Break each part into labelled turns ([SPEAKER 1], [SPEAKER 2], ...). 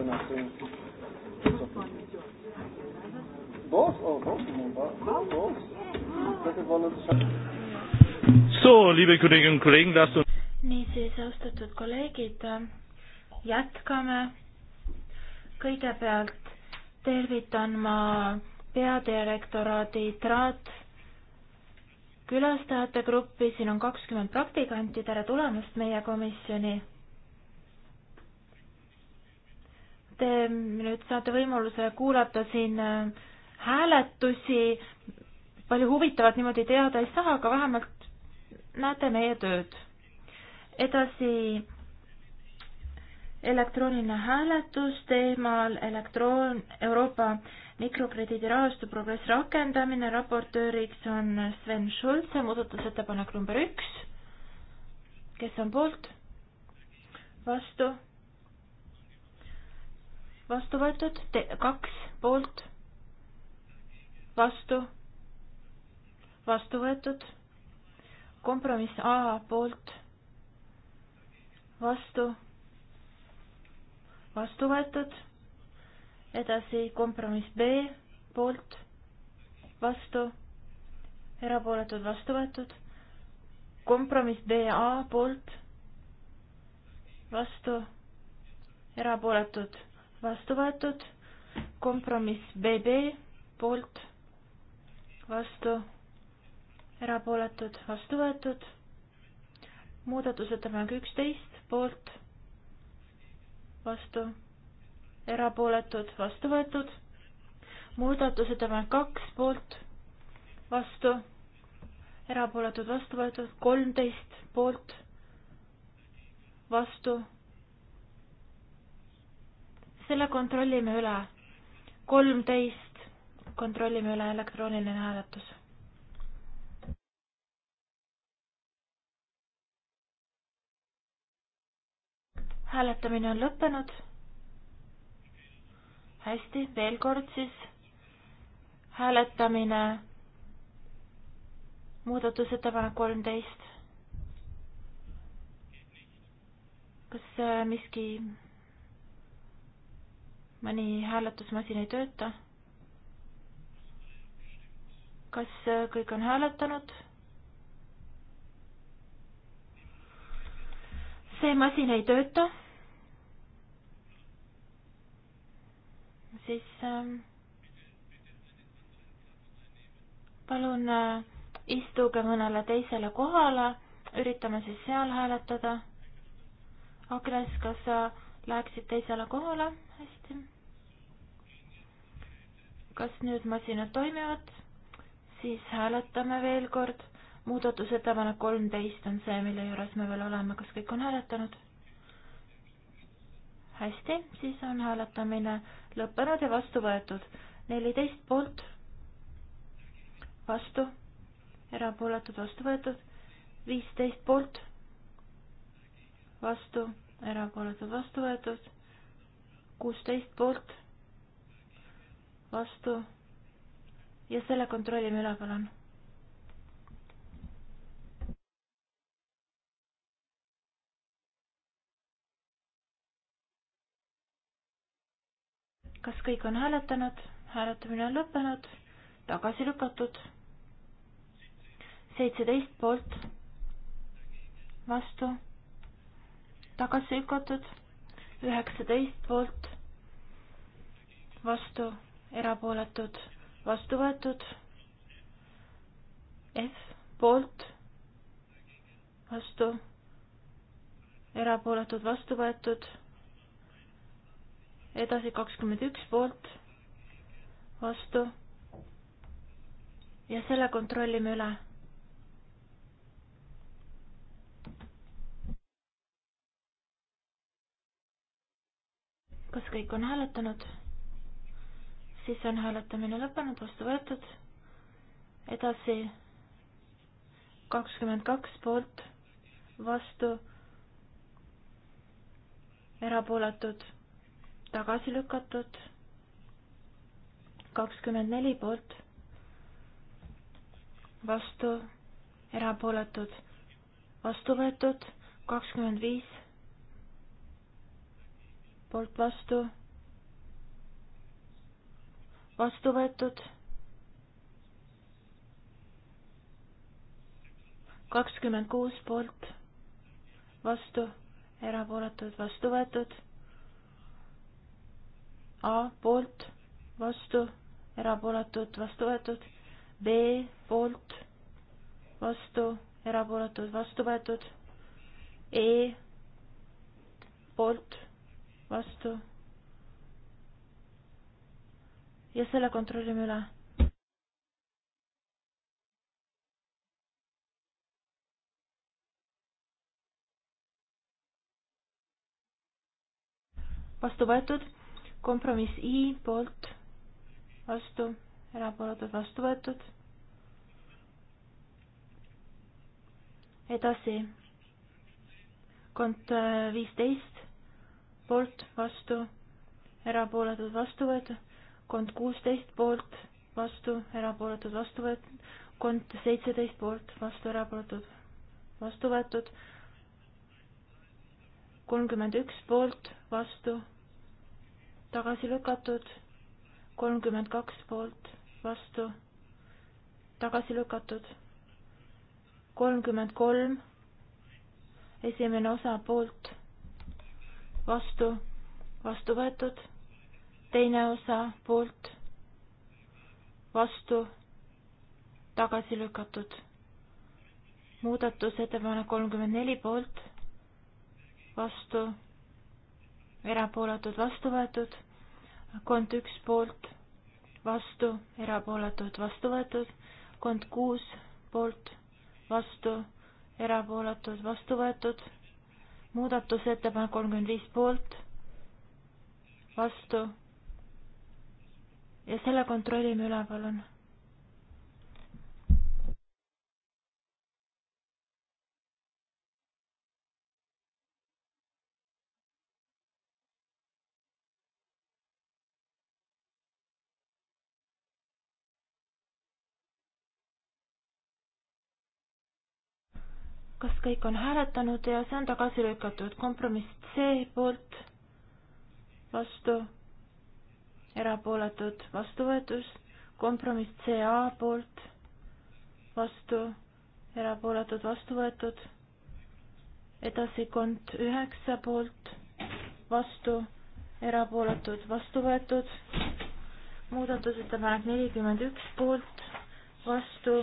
[SPEAKER 1] donação. Boss? Oh, Boss não dá. Boss? So, liebe Kolleginnen und Kollegen, lasst uns.
[SPEAKER 2] niisiis, austatud kolleegid, jätkame. kõigepealt tervitan ma peadirektoraadi Traat külastajate gruppi, siin on kakskümmend praktikanti, tere tulemast meie komisjoni Te nüüd saate võimaluse kuulata siin äh, hääletusi, palju huvitavat niimoodi teada ei saa, aga vähemalt näete meie tööd. edasi elektrooniline hääletus teemal elektroon, Euroopa mikrokrediidi rahastu progress rakendamine, raportööriks on Sven Schulze, muudatusettepanek number üks. kes on poolt? vastu vastu võetud, kaks poolt, vastu, vastu võetud, kompromiss A poolt, vastu, vastu võetud, edasi kompromiss B poolt, vastu, erapooletud, vastu võetud, kompromiss BA poolt, vastu, erapooletud vastu võetud, kompromiss BB poolt, vastu, erapooletud, vastu võetud, muudatusettepanek üksteist poolt, vastu, erapooletud, vastu võetud, muudatusettepanek kaks poolt, vastu, erapooletud, vastu võetud, kolmteist poolt, vastu selle kontrollime üle. kolmteist, kontrollime üle elektrooniline hääletus. hääletamine on lõppenud. hästi, veel kord siis hääletamine, muudatusettepanek kolmteist. kas äh, miski mõni hääletusmasin ei tööta. kas kõik on hääletanud? see masin ei tööta. siis ähm, palun äh, istuge mõnele teisele kohale, üritame siis seal hääletada. Agnes, kas sa läheksid teisele kohale? hästi kas nüüd masinad toimivad? siis hääletame veel kord. muudatusettepanek kolmteist on see, mille juures me veel oleme, kas kõik on hääletanud? hästi, siis on hääletamine lõppenud ja vastu võetud. neliteist poolt, vastu, erapooletud, vastu võetud. viisteist poolt, vastu, erapooletud, vastu võetud. kuusteist poolt vastu ja selle kontrollime üle, palun. kas kõik on hääletanud? hääletamine on lõppenud, tagasi lükatud. seitseteist poolt, vastu, tagasi lükatud, üheksateist poolt, vastu erapooletud, vastu võetud. F poolt, vastu, erapooletud, vastu võetud. edasi kakskümmend üks poolt, vastu. ja selle kontrollime üle kas kõik on hääletanud? siis on hääletamine lõppenud, vastu võetud. edasi kakskümmend kaks poolt, vastu, erapooletud, tagasi lükatud. kakskümmend neli poolt, vastu, erapooletud, vastu võetud, kakskümmend viis poolt vastu vastu võetud. kakskümmend kuus poolt, vastu, erapooletud, vastu võetud. A poolt, vastu, erapooletud, vastu võetud. B poolt, vastu, erapooletud, vastu võetud. E poolt, vastu ja selle kontrollime üle. vastu võetud, kompromiss I poolt, vastu, erapooletud, vastu võetud. edasi, kont äh, viisteist, poolt, vastu, erapooletud, vastu võetud kond kuusteist poolt, vastu, erapooletud, vastu võetud, kond seitseteist poolt, vastu, erapooletud, vastu võetud, kolmkümmend üks poolt, vastu, tagasi lükatud, kolmkümmend kaks poolt, vastu, tagasi lükatud, kolmkümmend kolm, esimene osa poolt, vastu, vastu võetud teine osa poolt, vastu, tagasi lükatud. muudatusettepanek kolmkümmend neli poolt, vastu, erapooletud, vastu võetud, kond üks poolt, vastu, erapooletud, vastu võetud, kond kuus poolt, vastu, erapooletud, vastu võetud, muudatusettepanek kolmkümmend viis poolt, vastu ja selle kontrollime üle, palun. kas kõik on hääletanud ja see on tagasi lükatud, kompromiss C poolt, vastu erapooletud, vastu võetud, kompromiss CA poolt, vastu, erapooletud, vastu võetud, edasi kont üheksa poolt, vastu, erapooletud, vastu võetud, muudatusettepanek nelikümmend üks poolt, vastu,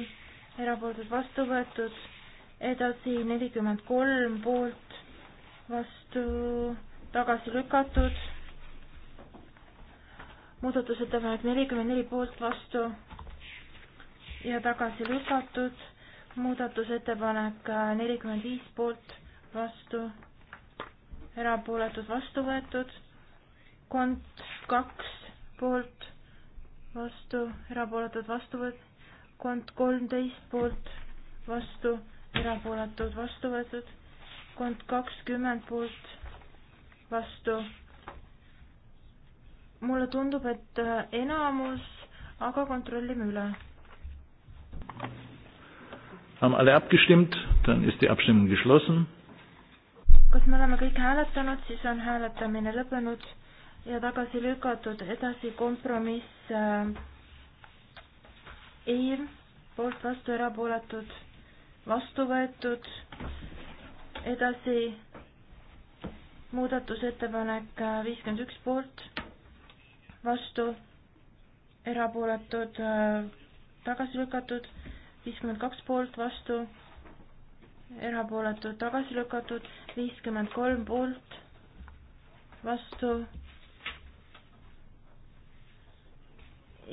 [SPEAKER 2] erapooletud, vastu võetud, edasi nelikümmend kolm poolt, vastu, tagasi lükatud muudatusettepanek nelikümmend neli poolt vastu ja tagasi lükatud. muudatusettepanek nelikümmend viis poolt vastu, erapooletud vastu võetud. kont kaks poolt vastu, erapooletud vastu võetud. kont kolmteist poolt vastu, erapooletud vastu võetud. kont kakskümmend poolt vastu mulle tundub, et äh, enamus, aga kontrollime üle.
[SPEAKER 1] Haben alle abgestimmt, dann ist die Abstimmung geschlossen.
[SPEAKER 2] kas me oleme kõik hääletanud, siis on hääletamine lõppenud ja tagasi lükatud, edasi kompromiss äh, ei, poolt vastu erapooletud, vastu võetud, edasi muudatusettepanek äh, viiskümmend üks poolt vastu, erapooletud, äh, tagasi lükatud, viiskümmend kaks poolt, vastu, erapooletud, tagasi lükatud, viiskümmend kolm poolt, vastu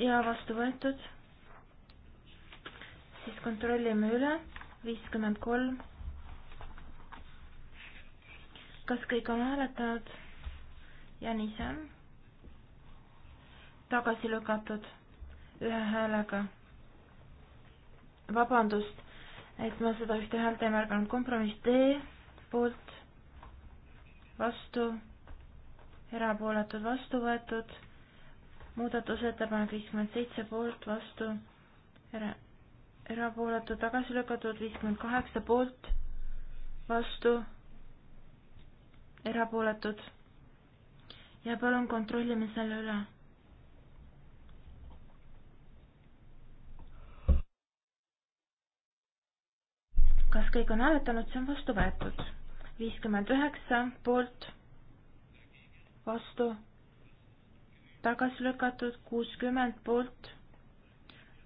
[SPEAKER 2] ja vastu võetud. siis kontrollime üle, viiskümmend kolm. kas kõik on hääletanud? ja nii see on tagasi lükatud ühe häälega. vabandust, et ma seda ühte häält ei märganud, kompromiss D poolt, vastu, erapooletud, vastu võetud, muudatusettepanek viiskümmend seitse poolt, vastu, era-, erapooletud, tagasi lükatud, viiskümmend kaheksa poolt, vastu, erapooletud. ja palun kontrollime selle üle kas kõik on hääletanud, see on vastu võetud. viiskümmend üheksa poolt, vastu, tagasi lükatud, kuuskümmend poolt,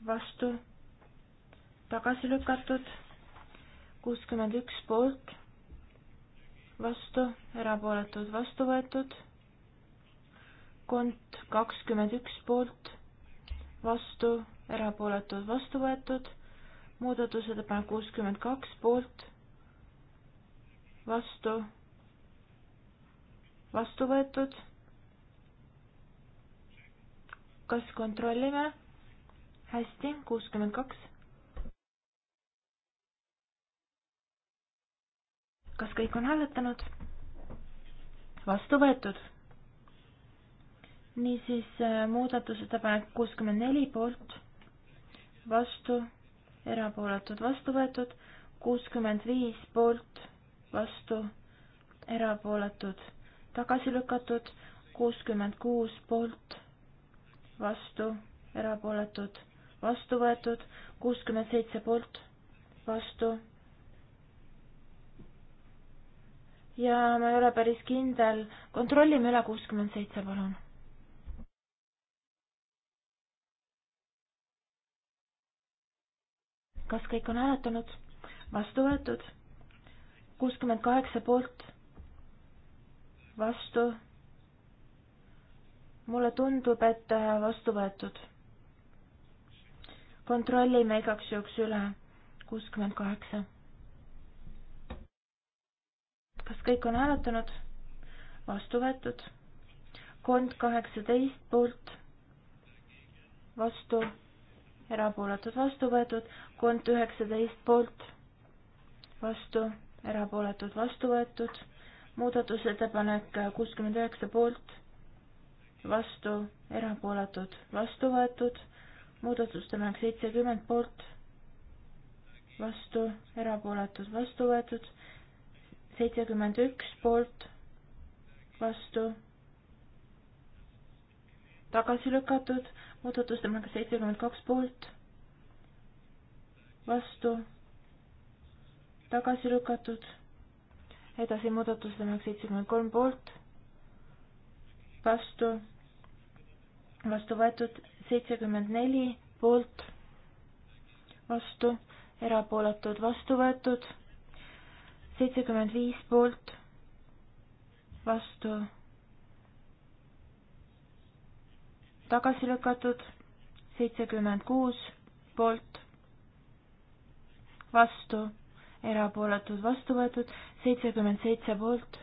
[SPEAKER 2] vastu, tagasi lükatud, kuuskümmend üks poolt, vastu, erapooletud, vastu võetud, kont kakskümmend üks poolt, vastu, erapooletud, vastu võetud muudatusettepanek kuuskümmend kaks poolt, vastu, vastu võetud. kas kontrollime? hästi, kuuskümmend kaks. kas kõik on hääletanud? vastu võetud. niisiis äh, muudatusettepanek kuuskümmend neli poolt, vastu erapooletud, vastu võetud, kuuskümmend viis poolt, vastu, erapooletud, tagasi lükatud, kuuskümmend kuus poolt, vastu, erapooletud, vastu võetud, kuuskümmend seitse poolt, vastu. ja ma ei ole päris kindel, kontrollime üle kuuskümmend seitse, palun kas kõik on hääletanud? vastu võetud. kuuskümmend kaheksa poolt, vastu. mulle tundub, et äh, vastu võetud. kontrollime igaks juhuks üle. kuuskümmend kaheksa. kas kõik on hääletanud? vastu võetud. kond kaheksateist poolt, vastu erapooletud vastu võetud, kont üheksateist poolt vastu, erapooletud vastu võetud, muudatusettepanek kuuskümmend üheksa poolt vastu, erapooletud vastu võetud, muudatusettepanek seitsekümmend poolt vastu, erapooletud vastu võetud, seitsekümmend üks poolt vastu, tagasi lükatud muudatusettepanek seitsekümmend kaks poolt, vastu, tagasi lükatud, edasi muudatusettepanek seitsekümmend kolm poolt, vastu, vastu võetud seitsekümmend neli poolt, vastu, erapooletud, vastu võetud, seitsekümmend viis poolt, vastu tagasi lükatud, seitsekümmend kuus poolt, vastu, erapooletud, vastu võetud, seitsekümmend seitse poolt,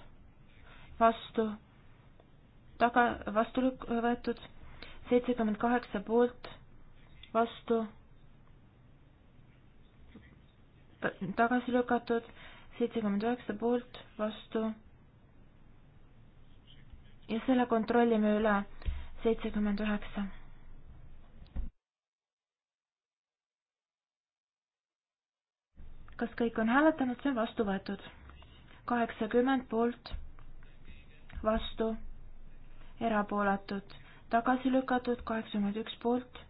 [SPEAKER 2] vastu, taga, vastu lük-, võetud, seitsekümmend kaheksa poolt, vastu, tagasi lükatud, seitsekümmend üheksa poolt, vastu ja selle kontrollime üle seitsekümmend üheksa. kas kõik on hääletanud, see on vastu võetud. kaheksakümmend poolt, vastu, erapooletud, tagasi lükatud, kaheksakümmend üks poolt,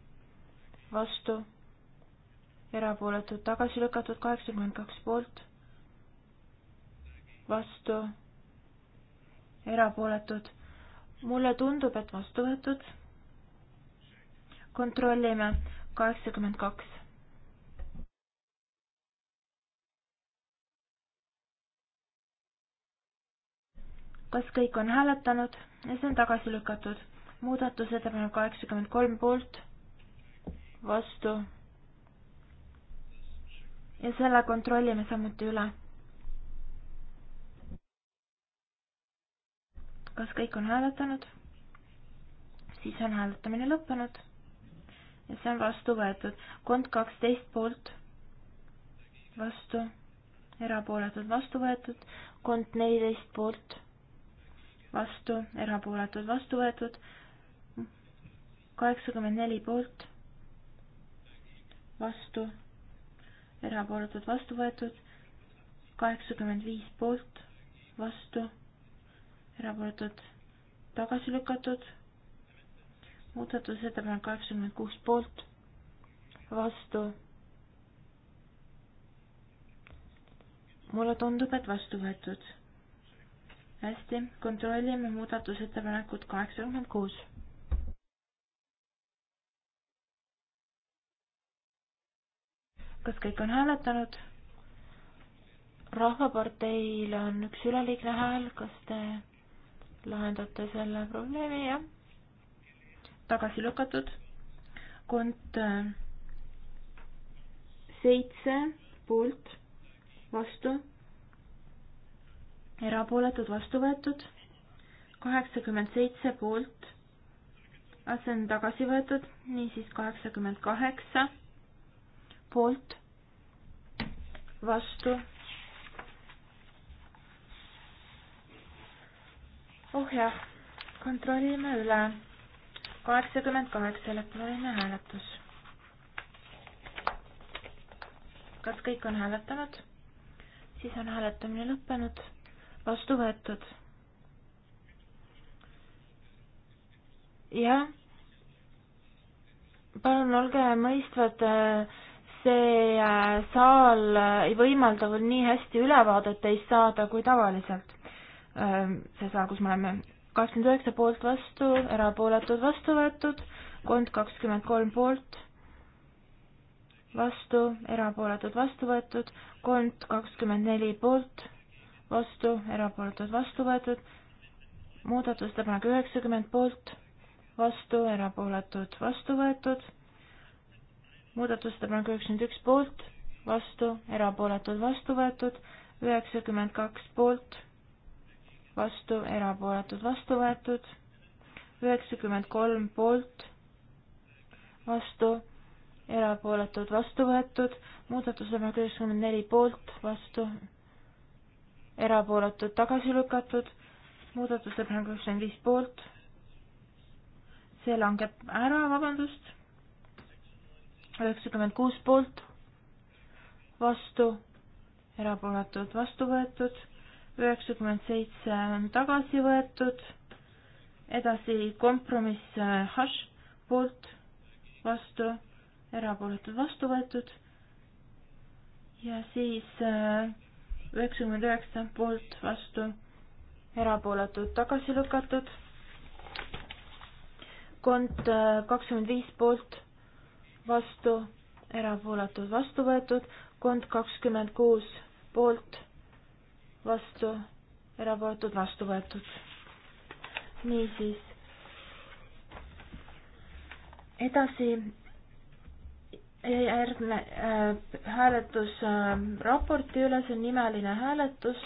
[SPEAKER 2] vastu, erapooletud, tagasi lükatud, kaheksakümmend kaks poolt, vastu, erapooletud, mulle tundub, et vastu võetud. kontrollime kaheksakümmend kaks. kas kõik on hääletanud ja see on tagasi lükatud? muudatusettepanek kaheksakümmend kolm poolt, vastu. ja selle kontrollime samuti üle kas kõik on hääletanud? siis on hääletamine lõppenud ja see on vastu võetud. kond kaksteist poolt, vastu, erapooletud, vastu võetud, kond neliteist poolt, vastu, erapooletud, vastu võetud, kaheksakümmend neli poolt, vastu, erapooletud, vastu võetud, kaheksakümmend viis poolt, vastu erapooletud, tagasi lükatud. muudatusettepanek kaheksakümmend kuus poolt, vastu. mulle tundub, et vastu võetud. hästi, kontrollime muudatusettepanekut kaheksakümmend kuus. kas kõik on hääletanud? rahvaparteil on üks üleliigne hääl, kas te lahendate selle probleemi, jah. tagasi lükatud. kont äh, seitse poolt, vastu, erapooletud, vastu võetud, kaheksakümmend seitse poolt, see on tagasi võetud, niisiis kaheksakümmend kaheksa poolt, vastu oh jah, kontrollime üle. kaheksakümmend kaheksa elektrooniline hääletus. kas kõik on hääletanud? siis on hääletamine lõppenud, vastu võetud. jah, palun olge mõistvad äh, see saal äh, ei võimalda veel nii hästi ülevaadet teist saada kui tavaliselt. Ähm, see saal, kus me oleme kakskümmend üheksa poolt vastu, erapooletud vastu võetud, kond kakskümmend kolm poolt vastu, erapooletud vastu võetud, kond kakskümmend neli poolt vastu, erapooletud vastu võetud, muudatusettepanek üheksakümmend poolt vastu, erapooletud vastu võetud, muudatusettepanek üheksakümmend üks poolt vastu, erapooletud vastu võetud, üheksakümmend kaks poolt vastu, erapooletud, vastu võetud, üheksakümmend kolm poolt, vastu, erapooletud, vastu võetud, muudatusettepanek üheksakümmend neli poolt, vastu, erapooletud, tagasi lükatud, muudatusettepanek üheksakümmend viis poolt, see langeb ära, vabandust, üheksakümmend kuus poolt, vastu, erapooletud, vastu võetud üheksakümmend seitse on tagasi võetud, edasi kompromiss äh, hash poolt, vastu, erapooletud vastu võetud ja siis äh, üheksakümmend üheksa poolt, vastu, erapooletud tagasi lükatud, kont äh, kakskümmend viis poolt, vastu, erapooletud vastu võetud, kont kakskümmend kuus poolt vastu, erapooletud, vastu võetud. niisiis. edasi järgne äh, hääletus äh, raporti üle, see on nimeline hääletus.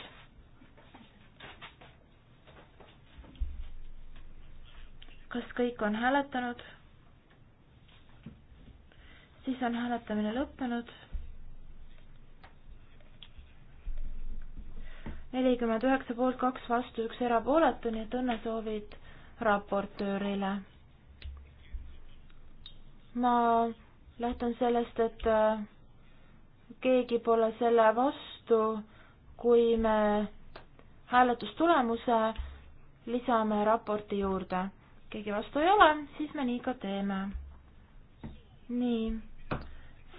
[SPEAKER 2] kas kõik on hääletanud? siis on hääletamine lõppenud nelikümmend üheksa poolt, kaks vastu, üks erapooletu, nii et õnnesoovid raportöörile. ma lähtun sellest, et äh, keegi pole selle vastu, kui me hääletustulemuse lisame raporti juurde. keegi vastu ei ole, siis me nii ka teeme. nii,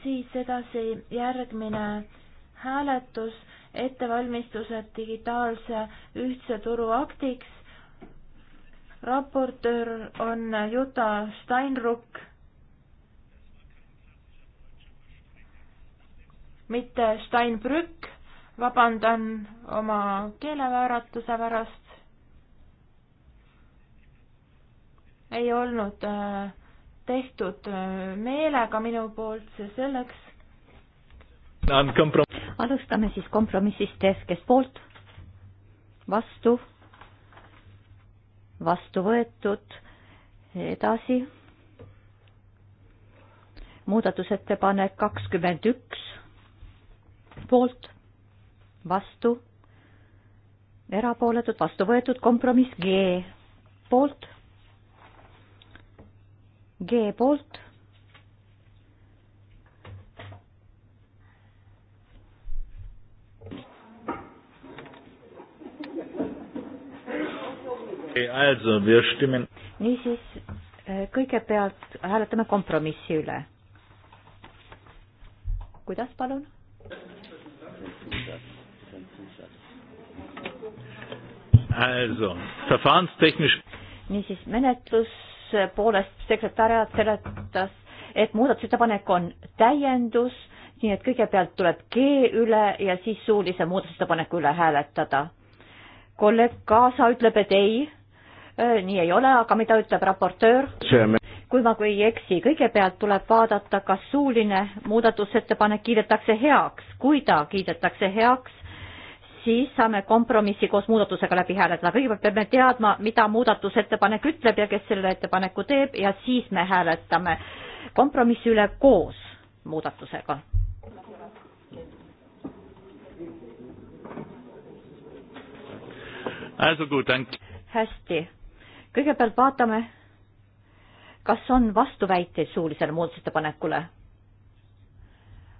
[SPEAKER 2] siis edasi järgmine hääletus ettevalmistused digitaalse ühtse turu aktiks. raportöör on Juta Steinruck. mitte Steinbrück, vabandan oma keelevääratuse pärast. ei olnud äh, tehtud äh, meelega minu poolt, see selleks
[SPEAKER 1] on kompromiss.
[SPEAKER 3] alustame siis kompromissist F, kes poolt, vastu, vastu võetud, edasi. muudatusettepanek kakskümmend üks, poolt, vastu, erapooletud, vastu võetud, kompromiss G poolt, G poolt niisiis, äh, kõigepealt hääletame kompromissi üle. kuidas, palun?
[SPEAKER 1] Also, verfahrenstechnisch.
[SPEAKER 3] niisiis, menetluse poolest sekretäriat seletas, et muudatusettepanek on täiendus, nii et kõigepealt tuleb G üle ja siis suulise muudatusettepaneku üle hääletada. kolleeg Kaasa ütleb, et ei Äh, nii ei ole, aga mida ütleb raportöör? kui ma, kui ei eksi, kõigepealt tuleb vaadata, kas suuline muudatusettepanek kiidetakse heaks. kui ta kiidetakse heaks, siis saame kompromissi koos muudatusega läbi hääletada. kõigepealt peame teadma, mida muudatusettepanek ütleb ja kes selle ettepaneku teeb ja siis me hääletame kompromissi üle koos muudatusega. hästi kõigepealt vaatame, kas on vastuväiteid suulisele muudatusettepanekule.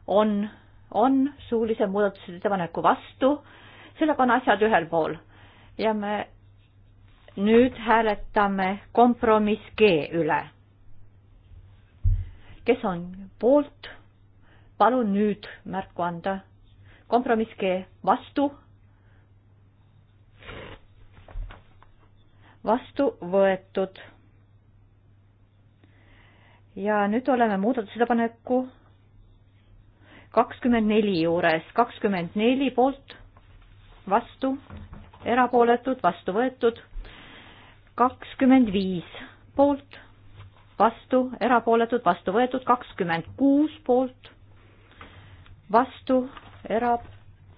[SPEAKER 3] on, on suulise muudatusettepaneku vastu, sellega on asjad ühel pool ja me nüüd hääletame kompromiss G üle. kes on poolt, palun nüüd märku anda. kompromiss G vastu vastu võetud. ja nüüd oleme muudatusettepaneku kakskümmend neli juures, kakskümmend neli poolt, vastu, erapooletud, vastu võetud, kakskümmend viis poolt, vastu, erapooletud, vastu võetud, kakskümmend kuus poolt, vastu, era-,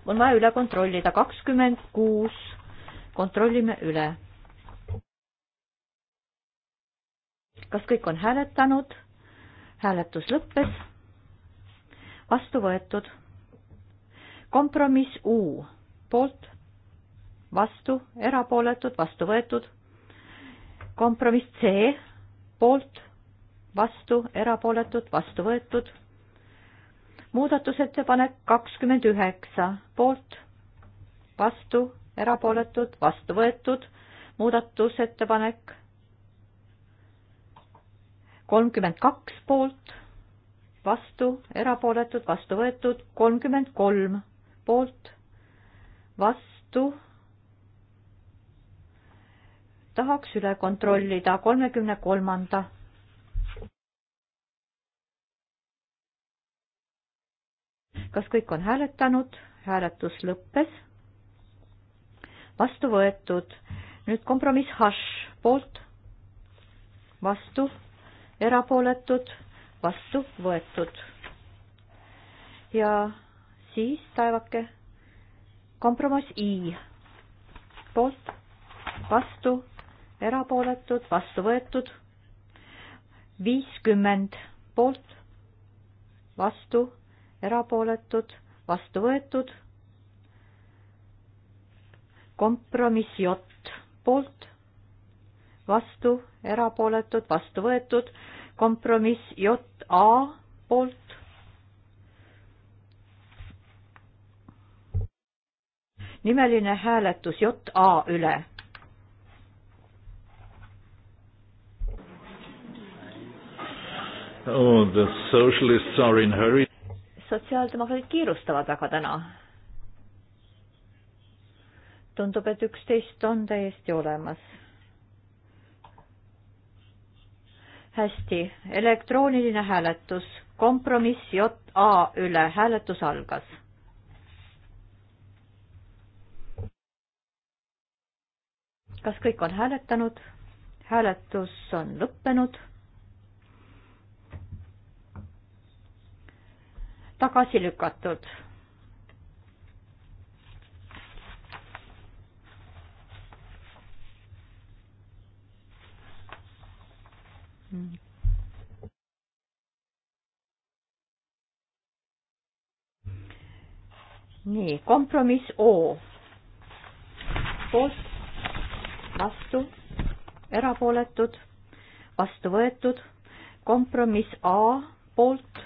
[SPEAKER 3] on vaja üle kontrollida, kakskümmend kuus, kontrollime üle kas kõik on hääletanud? hääletus lõppes. vastu võetud. kompromiss U poolt, vastu, erapooletud, vastu võetud. kompromiss C poolt, vastu, erapooletud, vastu võetud. muudatusettepanek kakskümmend üheksa poolt, vastu, erapooletud, vastu võetud. muudatusettepanek kolmkümmend kaks poolt, vastu, erapooletud, vastu võetud, kolmkümmend kolm poolt, vastu. tahaks üle kontrollida kolmekümne kolmanda. kas kõik on hääletanud? hääletus lõppes. vastu võetud. nüüd kompromiss hash poolt, vastu erapooletud, vastu võetud. ja siis taevake, kompromiss I, poolt, vastu, erapooletud, vastu võetud, viiskümmend poolt, vastu, erapooletud, vastu võetud, kompromiss J poolt, vastu, erapooletud, vastu võetud, kompromiss JA poolt. nimeline hääletus JA üle.
[SPEAKER 1] Oh, the socialists are in hurry.
[SPEAKER 3] sotsiaaldemokraadid kiirustavad väga täna. tundub, et üksteist on täiesti olemas hästi, elektrooniline hääletus, kompromiss JA üle, hääletus algas. kas kõik on hääletanud? hääletus on lõppenud. tagasi lükatud
[SPEAKER 2] nii, kompromiss O.
[SPEAKER 3] poolt, vastu, erapooletud, vastu võetud, kompromiss A poolt,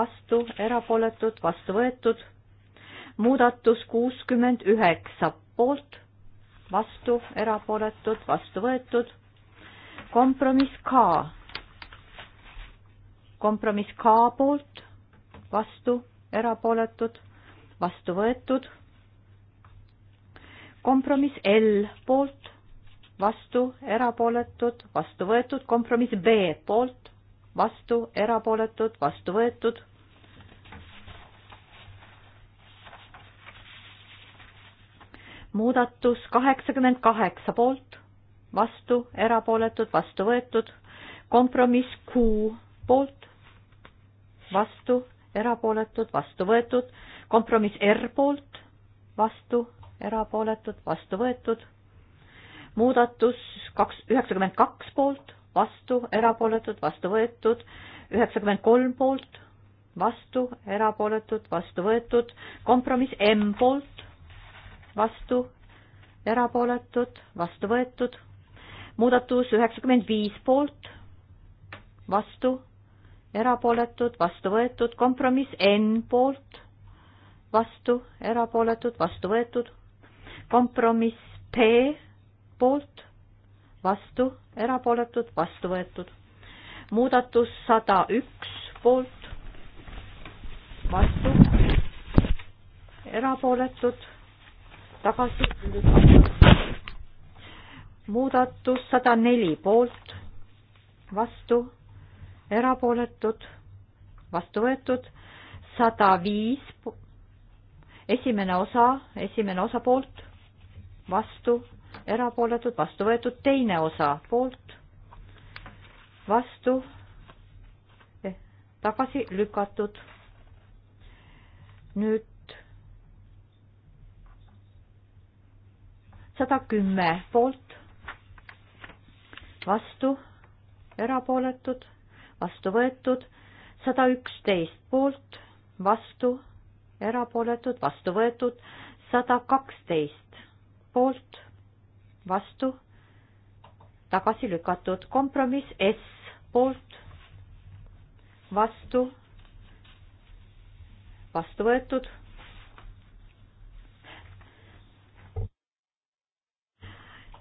[SPEAKER 3] vastu, erapooletud, vastu võetud, muudatus kuuskümmend üheksa poolt, vastu, erapooletud, vastu võetud kompromiss K. kompromiss K poolt, vastu, erapooletud, vastu võetud. kompromiss L poolt, vastu, erapooletud, vastu võetud, kompromiss B poolt, vastu, erapooletud, vastu võetud muudatus kaheksakümmend kaheksa poolt, vastu, erapooletud, vastu võetud. kompromiss Q poolt, vastu, erapooletud, vastu võetud. kompromiss R poolt, vastu, erapooletud, vastu võetud. muudatus kaks, üheksakümmend kaks poolt, vastu, erapooletud, vastu võetud. üheksakümmend kolm poolt, vastu, erapooletud, vastu võetud. kompromiss M poolt, vastu, erapooletud, vastu võetud muudatus üheksakümmend viis poolt, vastu, erapooletud, vastu võetud, kompromiss N poolt, vastu, erapooletud, vastu võetud, kompromiss P poolt, vastu, erapooletud, vastu võetud, muudatus sada üks poolt, vastu, erapooletud, tagasi
[SPEAKER 1] lükatud
[SPEAKER 3] muudatus sada neli poolt, vastu, erapooletud, vastu võetud, sada viis, esimene osa, esimene osa poolt, vastu, erapooletud, vastu võetud, teine osa poolt, vastu, eh, tagasi lükatud. nüüd sada kümme poolt, vastu, erapooletud, vastu võetud, sada üksteist poolt, vastu, erapooletud, vastu võetud, sada kaksteist poolt, vastu, tagasi lükatud, kompromiss S poolt, vastu, vastu võetud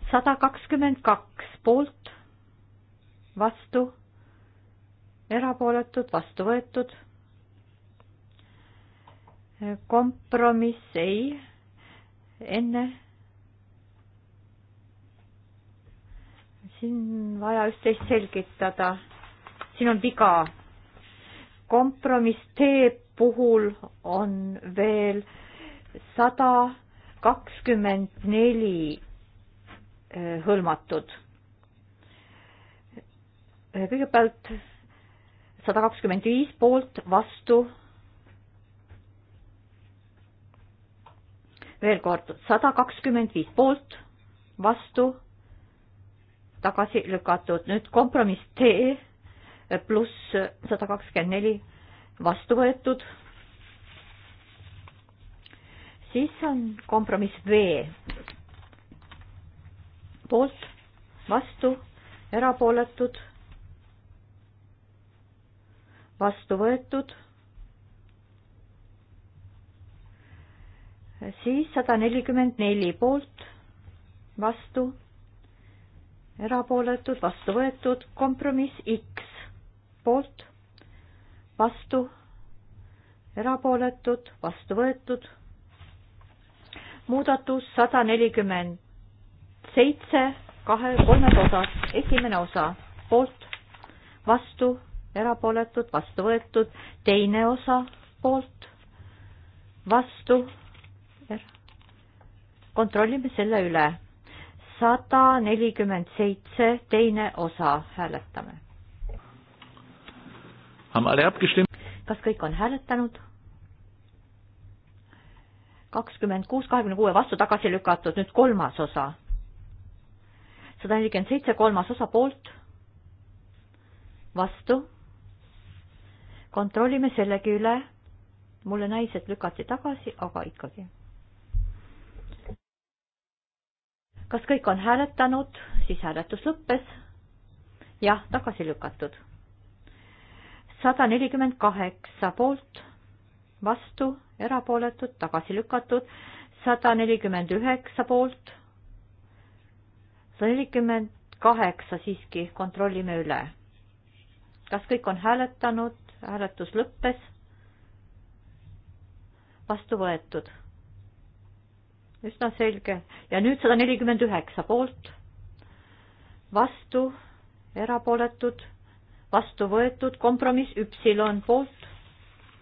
[SPEAKER 3] sada kakskümmend kaks poolt, vastu, erapooletud, vastu võetud. kompromiss ei, enne. siin vaja üht-teist selgitada, siin on viga. kompromiss T puhul on veel sada kakskümmend neli eh, hõlmatud kõigepealt sada kakskümmend viis poolt, vastu. veel kord, sada kakskümmend viis poolt, vastu, tagasi lükatud, nüüd kompromiss T pluss sada kakskümmend neli vastu võetud. siis on kompromiss V poolt, vastu, erapooletud vastu võetud. siis sada nelikümmend neli poolt, vastu, erapooletud, vastu võetud, kompromiss X poolt, vastu, erapooletud, vastu võetud. muudatus sada nelikümmend seitse kahe, kolmes osas, esimene osa poolt, vastu erapooletud, vastu võetud, teine osa poolt, vastu. Er-, kontrollime selle üle. sada nelikümmend seitse, teine osa, hääletame. kas kõik on hääletanud? kakskümmend kuus, kahekümne kuue vastu tagasi lükatud, nüüd kolmas osa. sada nelikümmend seitse, kolmas osa poolt, vastu kontrollime sellegi üle. mulle näis, et lükati tagasi, aga ikkagi. kas kõik on hääletanud, siis hääletus lõppes. jah, tagasi lükatud. sada nelikümmend kaheksa poolt, vastu, erapooletud, tagasi lükatud, sada nelikümmend üheksa poolt, sada nelikümmend kaheksa siiski kontrollime üle. kas kõik on hääletanud? hääletus lõppes. vastu võetud. üsna selge ja nüüd sada nelikümmend üheksa poolt, vastu, erapooletud, vastu võetud, kompromiss üpsilon poolt,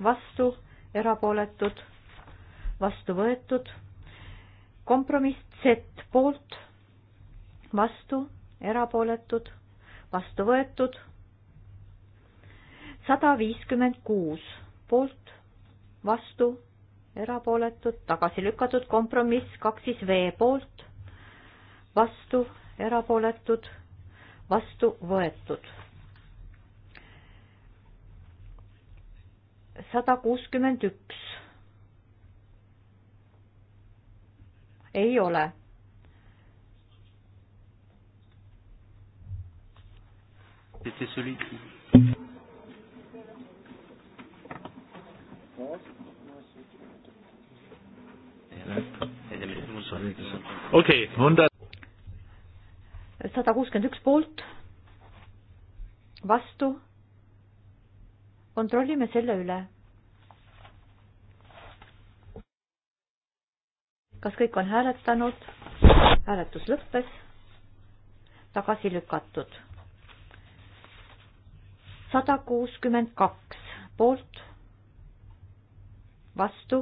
[SPEAKER 3] vastu, erapooletud, vastu võetud, kompromiss Z poolt, vastu, erapooletud, vastu võetud sada viiskümmend kuus poolt, vastu, erapooletud, tagasi lükatud, kompromiss kaks siis V poolt, vastu, erapooletud, vastu võetud. sada kuuskümmend üks. ei ole
[SPEAKER 1] C'était celui qui. okei, Honda.
[SPEAKER 3] sada kuuskümmend üks poolt, vastu. kontrollime selle üle. kas kõik on hääletanud? hääletus lõppes, tagasi lükatud. sada kuuskümmend kaks poolt vastu,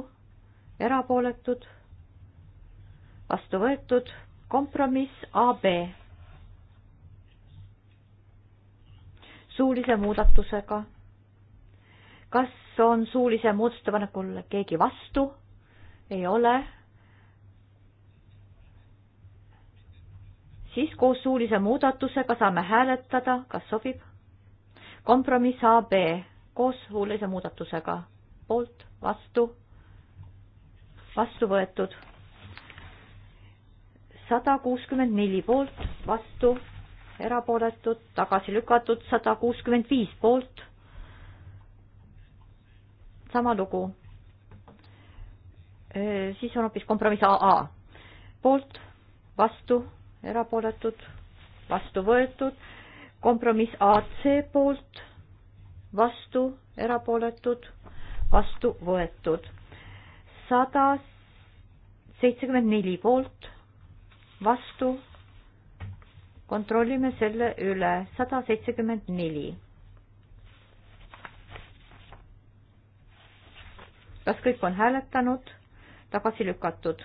[SPEAKER 3] erapooletud, vastu võetud, kompromiss AB. suulise muudatusega. kas on suulise muudatusettepanekul keegi vastu? ei ole. siis koos suulise muudatusega saame hääletada, kas sobib. kompromiss AB koos suulise muudatusega poolt, vastu, vastu võetud. sada kuuskümmend neli poolt, vastu, erapooletud, tagasi lükatud, sada kuuskümmend viis poolt. sama lugu. siis on hoopis kompromiss AA. poolt, vastu, erapooletud, vastu võetud, kompromiss AC poolt, vastu, erapooletud vastu võetud. sada seitsekümmend neli poolt, vastu. kontrollime selle üle, sada seitsekümmend neli. kas kõik on hääletanud? tagasi lükatud.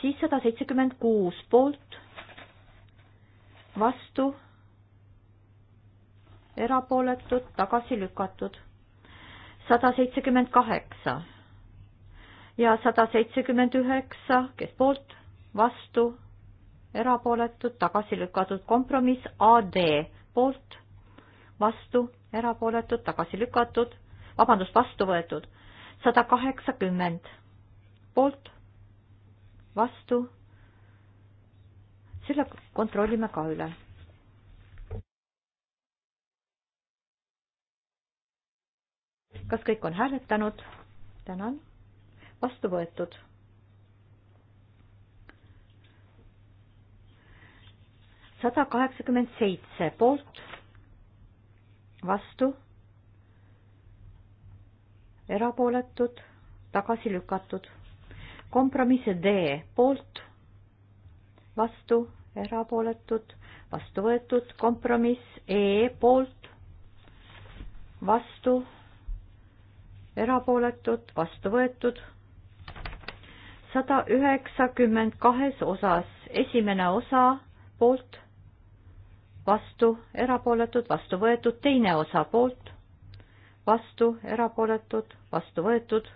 [SPEAKER 3] siis sada seitsekümmend kuus poolt, vastu erapooletud, tagasi lükatud. sada seitsekümmend kaheksa ja sada seitsekümmend üheksa, kes poolt, vastu, erapooletud, tagasi lükatud, kompromiss AD poolt, vastu, erapooletud, tagasi lükatud, vabandust, vastu võetud, sada kaheksakümmend poolt, vastu, selle kontrollime ka üle kas kõik on hääletanud? tänan. vastu võetud. sada kaheksakümmend seitse poolt, vastu, erapooletud, tagasi lükatud. kompromiss D poolt, vastu, erapooletud, vastu võetud, kompromiss E poolt, vastu erapooletud, vastu võetud. sada üheksakümmend kahes osas, esimene osa poolt, vastu, erapooletud, vastu võetud, teine osa poolt, vastu, erapooletud, vastu võetud.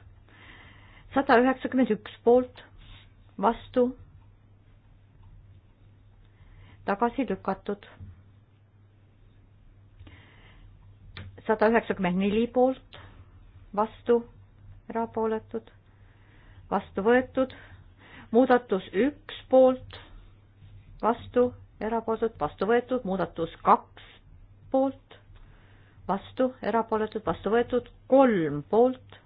[SPEAKER 3] sada üheksakümmend üks poolt, vastu, tagasi lükatud. sada üheksakümmend neli poolt vastu, erapooletud, vastu võetud, muudatus üks poolt, vastu, erapooletud, vastu võetud, muudatus kaks poolt, vastu, erapooletud, vastu võetud, kolm poolt,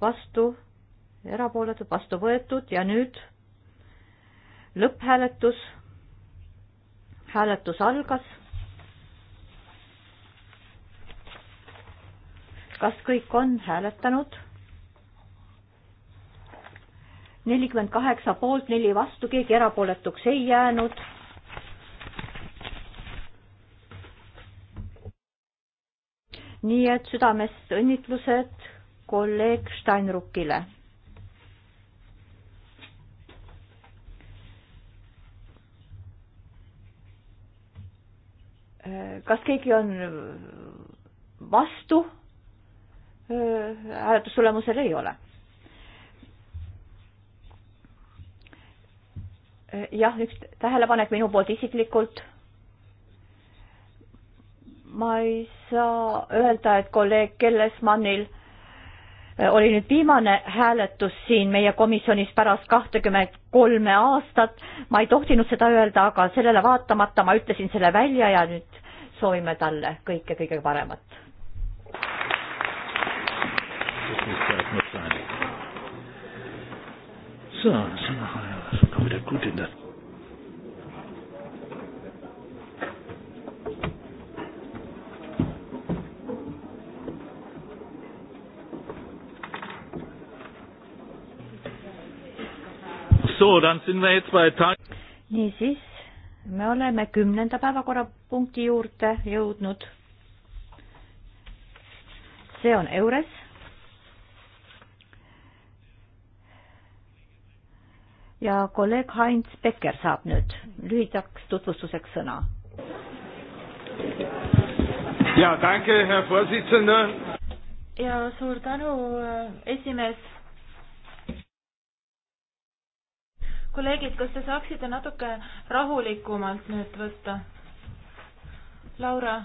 [SPEAKER 3] vastu, erapooletud, vastu võetud ja nüüd lõpphääletus. hääletus algas kas kõik on hääletanud? nelikümmend kaheksa poolt, neli vastu, keegi erapooletuks ei jäänud. nii et südamest õnnitlused kolleeg Steinruckile.
[SPEAKER 2] kas keegi on
[SPEAKER 3] vastu? hääletustulemusel ei ole. jah, üks tähelepanek minu poolt isiklikult. ma ei saa öelda, et kolleeg Kellesmannil eh, oli nüüd viimane hääletus siin meie komisjonis pärast kahtekümmet kolme aastat. ma ei tohtinud seda öelda, aga sellele vaatamata ma ütlesin selle välja ja nüüd soovime talle kõike kõige paremat
[SPEAKER 1] muss sein. So, das sind wir, sind wir wieder gut in das So, dann sind wir jetzt bei Tag.
[SPEAKER 2] niisiis,
[SPEAKER 3] me oleme kümnenda päevakorrapunkti juurde jõudnud. see on EURES ja kolleeg Heinz Becker saab nüüd lühidaks tutvustuseks sõna.
[SPEAKER 1] ja tänke, härra Vorsitzender.
[SPEAKER 2] ja suur tänu, äh, esimees. kolleegid, kas te saaksite natuke rahulikumalt nüüd võtta? Laura.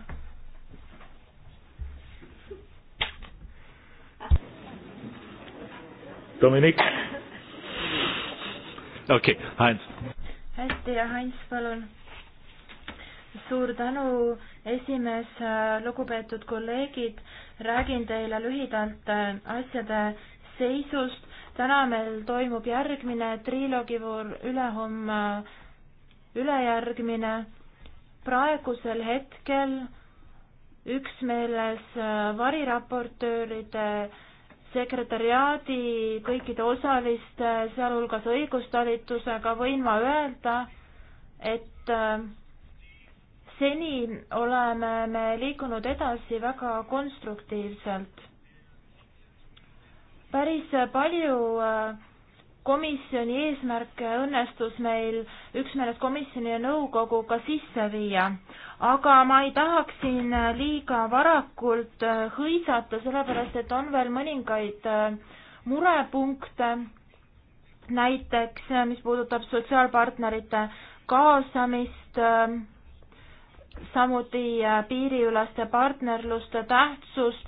[SPEAKER 1] Dominik okei okay,, Heinz.
[SPEAKER 2] hästi ja Heinz, palun. suur tänu, esimees, lugupeetud kolleegid, räägin teile lühidalt äh, asjade seisust. täna meil toimub järgmine triloogi voor, ülehomme äh, ülejärgmine. praegusel hetkel üksmeeles äh, variraportööride äh, sekretäriaadi kõikide osaliste, sealhulgas õigustalitusega, võin ma öelda, et äh, seni oleme me liikunud edasi väga konstruktiivselt. päris palju äh, komisjoni eesmärk õnnestus meil üksmeeles komisjoni ja nõukoguga sisse viia. aga ma ei tahaks siin liiga varakult äh, hõisata, sellepärast et on veel mõningaid äh, murepunkte, näiteks äh, mis puudutab sotsiaalpartnerite kaasamist, samuti piiriüleste partnerluste tähtsust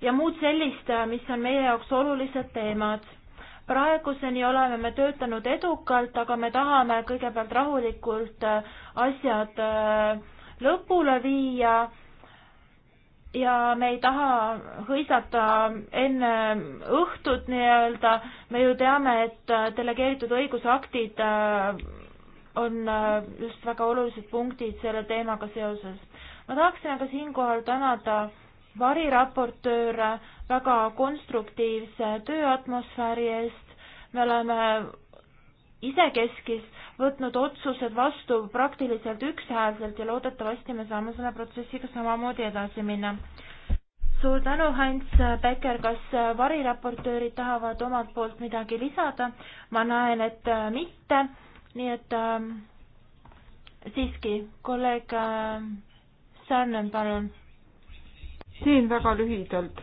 [SPEAKER 2] ja muud sellist, mis on meie jaoks olulised teemad praeguseni oleme me töötanud edukalt, aga me tahame kõigepealt rahulikult äh, asjad äh, lõpule viia ja me ei taha hõisata enne õhtut nii-öelda, me ju teame, et äh, delegeeritud õigusaktid on just väga olulised punktid selle teemaga seoses. ma tahaksin aga siinkohal tänada variraportööre, väga konstruktiivse tööatmosfääri eest, me oleme isekeskis võtnud otsused vastu praktiliselt ükshäälselt ja loodetavasti me saame selle protsessiga samamoodi edasi minna. suur tänu, Hans Becker, kas variraportöörid tahavad omalt poolt midagi lisada? ma näen, et äh, mitte, nii et äh, siiski, kolleeg äh, Sarnen, palun. siin
[SPEAKER 4] väga lühidalt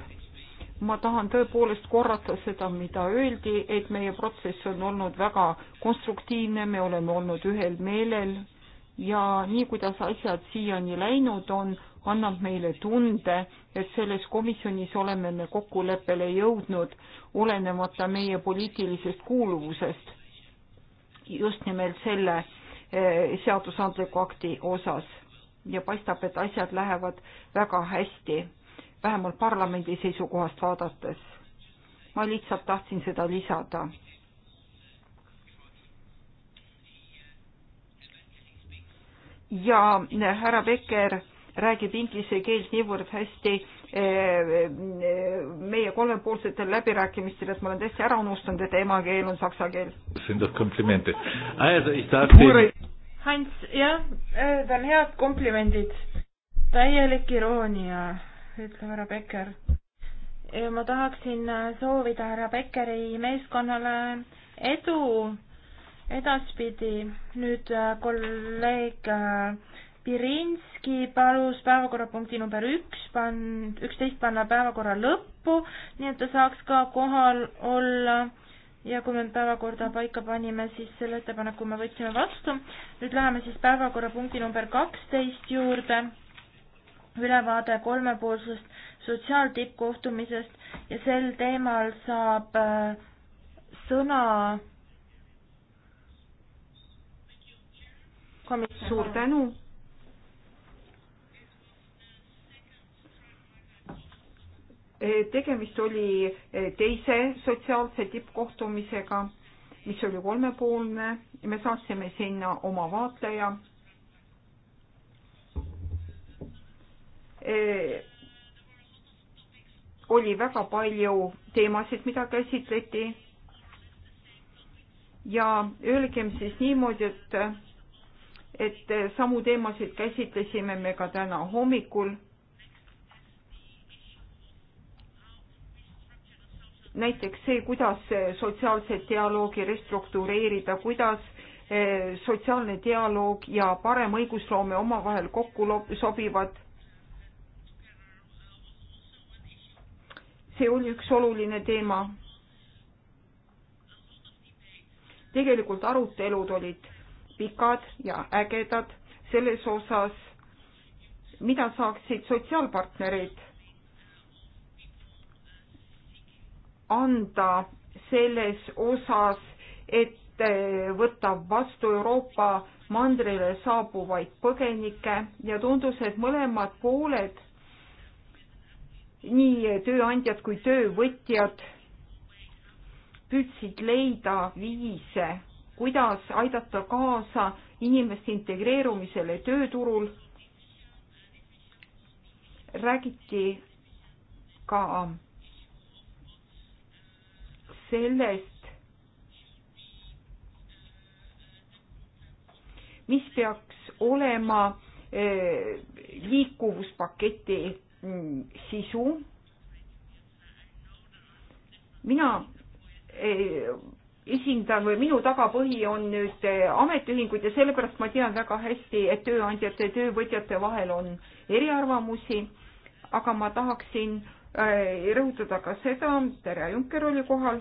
[SPEAKER 4] ma tahan tõepoolest korrata seda, mida öeldi, et meie protsess on olnud väga konstruktiivne, me oleme olnud ühel meelel ja nii, kuidas asjad siiani läinud on, annab meile tunde, et selles komisjonis oleme me kokkuleppele jõudnud, olenemata meie poliitilisest kuuluvusest. just nimelt selle eh, seadusandliku akti osas ja paistab, et asjad lähevad väga hästi vähemalt parlamendi seisukohast vaadates. ma lihtsalt tahtsin seda lisada. ja äh, härra Becker räägib inglise keelt niivõrd hästi äh, äh, meie kolmepoolsetel läbirääkimistel, et ma olen täiesti ära unustanud, et emakeel on saksa keel. Hans, jah, need on head komplimendid. täielik iroonia ütleb
[SPEAKER 2] härra Becker. ma tahaksin äh, soovida härra Beckeri meeskonnale edu edaspidi. nüüd äh, kolleeg äh, Pirinski palus päevakorrapunkti number üks pan-, üksteist panna päevakorra lõppu, nii et ta saaks ka kohal olla ja kui me päevakorda paika panime, siis selle ettepaneku me võtsime vastu. nüüd läheme siis päevakorrapunkti number kaksteist juurde ülevaade kolmepoolsest sotsiaaltippkohtumisest ja sel teemal saab äh,
[SPEAKER 4] sõna komisjon. suur tänu. Äh, tegemist oli äh, teise sotsiaalse tippkohtumisega, mis oli kolmepoolne ja me saatsime sinna oma vaatleja Äh, oli väga palju teemasid, mida käsitleti. ja öelgem siis niimoodi, et, et samu teemasid käsitlesime me ka täna hommikul. näiteks see, kuidas sotsiaalset dialoogi restruktureerida, kuidas äh, sotsiaalne dialoog ja parem õigusloome omavahel kokku sobivad see oli üks oluline teema. tegelikult arutelud olid pikad ja ägedad selles osas, mida saaksid sotsiaalpartnerid anda selles osas, et eh, võtta vastu Euroopa mandrile saabuvaid põgenikke ja tundus, et mõlemad pooled nii tööandjad kui töövõtjad püüdsid leida viise, kuidas aidata kaasa inimeste integreerumisele tööturul. räägiti ka sellest, mis peaks olema eh, liikuvuspaketi Mm, sisu. mina eh, esindan või minu tagapõhi on nüüd eh, ametiühingud ja sellepärast ma tean väga hästi, et tööandjate ja töövõtjate vahel on eriarvamusi, aga ma tahaksin eh, rõhutada ka seda, Terje Junker oli kohal,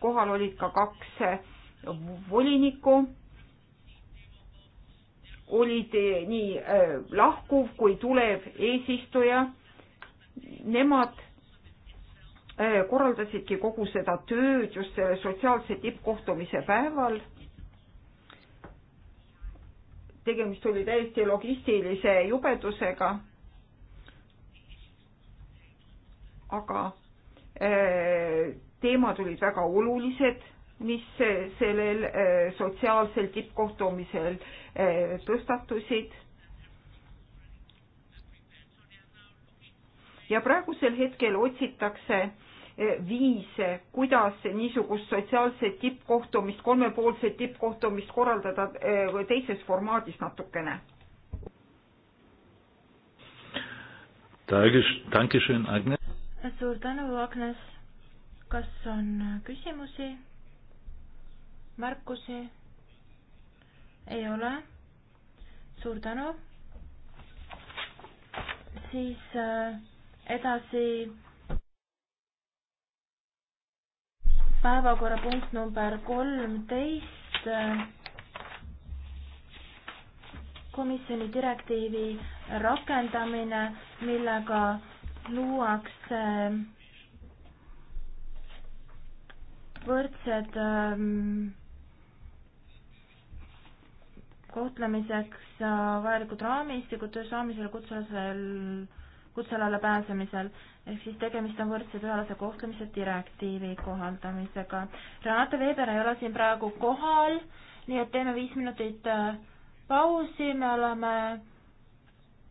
[SPEAKER 4] kohal olid ka kaks volinikku olid nii äh, lahkuv kui tulev eesistuja. Nemad äh, korraldasidki kogu seda tööd just selle sotsiaalse tippkohtumise päeval. tegemist oli täiesti logistilise jubedusega. aga äh, teemad olid väga olulised, mis sellel sotsiaalsel tippkohtumisel äh, Eh, tõstatusid. ja praegusel hetkel otsitakse eh, viise, kuidas niisugust sotsiaalset tippkohtumist, kolmepoolset tippkohtumist korraldada eh, teises formaadis natukene
[SPEAKER 1] Dankeschön, Agnes.
[SPEAKER 2] Suur tänu, Agnes. kas on küsimusi, märkusi? ei ole. suur tänu. siis äh, edasi päevakorrapunkt number kolmteist, äh, komisjoni direktiivi rakendamine, millega luuakse äh, võrdsed ähm, kohtlemiseks äh, vajalikud raamistikud töö saamisel kutsealasel, kutsealale pääsemisel, ehk siis tegemist on võrdse tööalase kohtlemise direktiivi kohaldamisega. Renate Veber ei ole siin praegu kohal, nii et teeme viis minutit äh, pausi, me oleme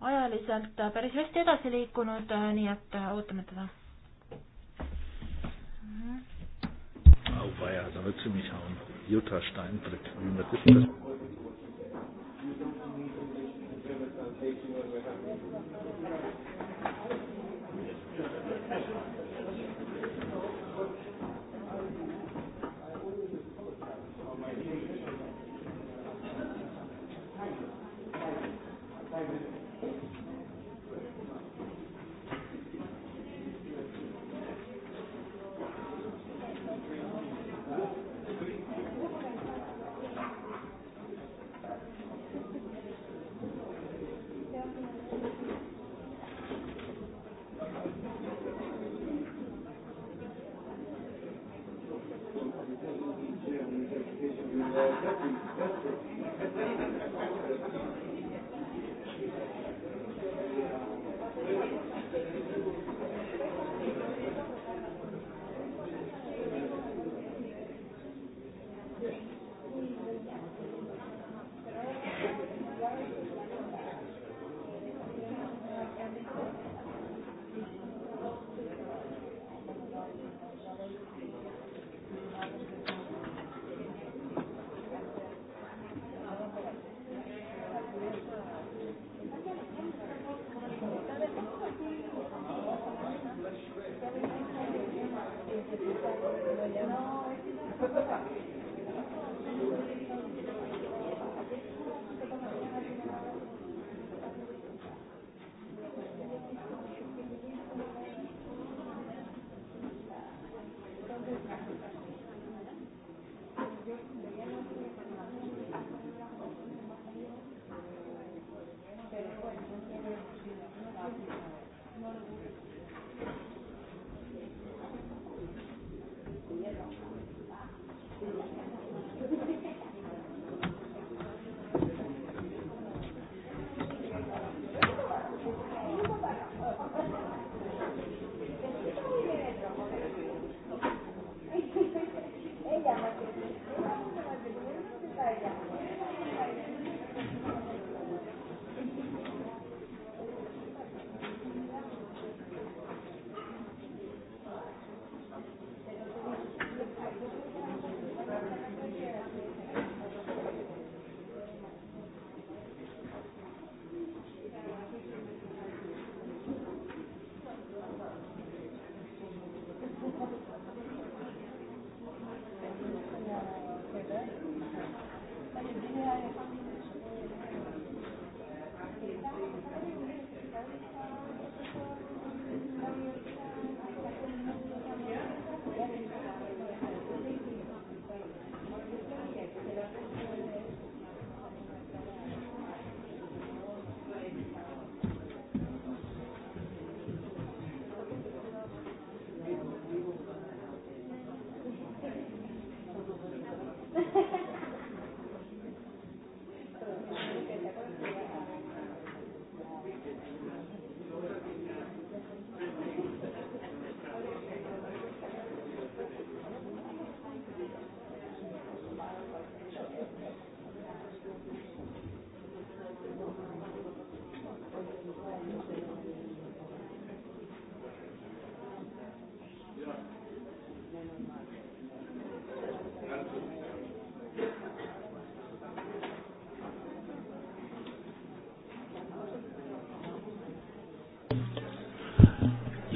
[SPEAKER 2] ajaliselt äh, päris hästi edasi liikunud, nii et ootame teda.
[SPEAKER 1] Mhm. Auweia, da wird sie mich hauen. Jutta Steinbrück, wie man das Thank you.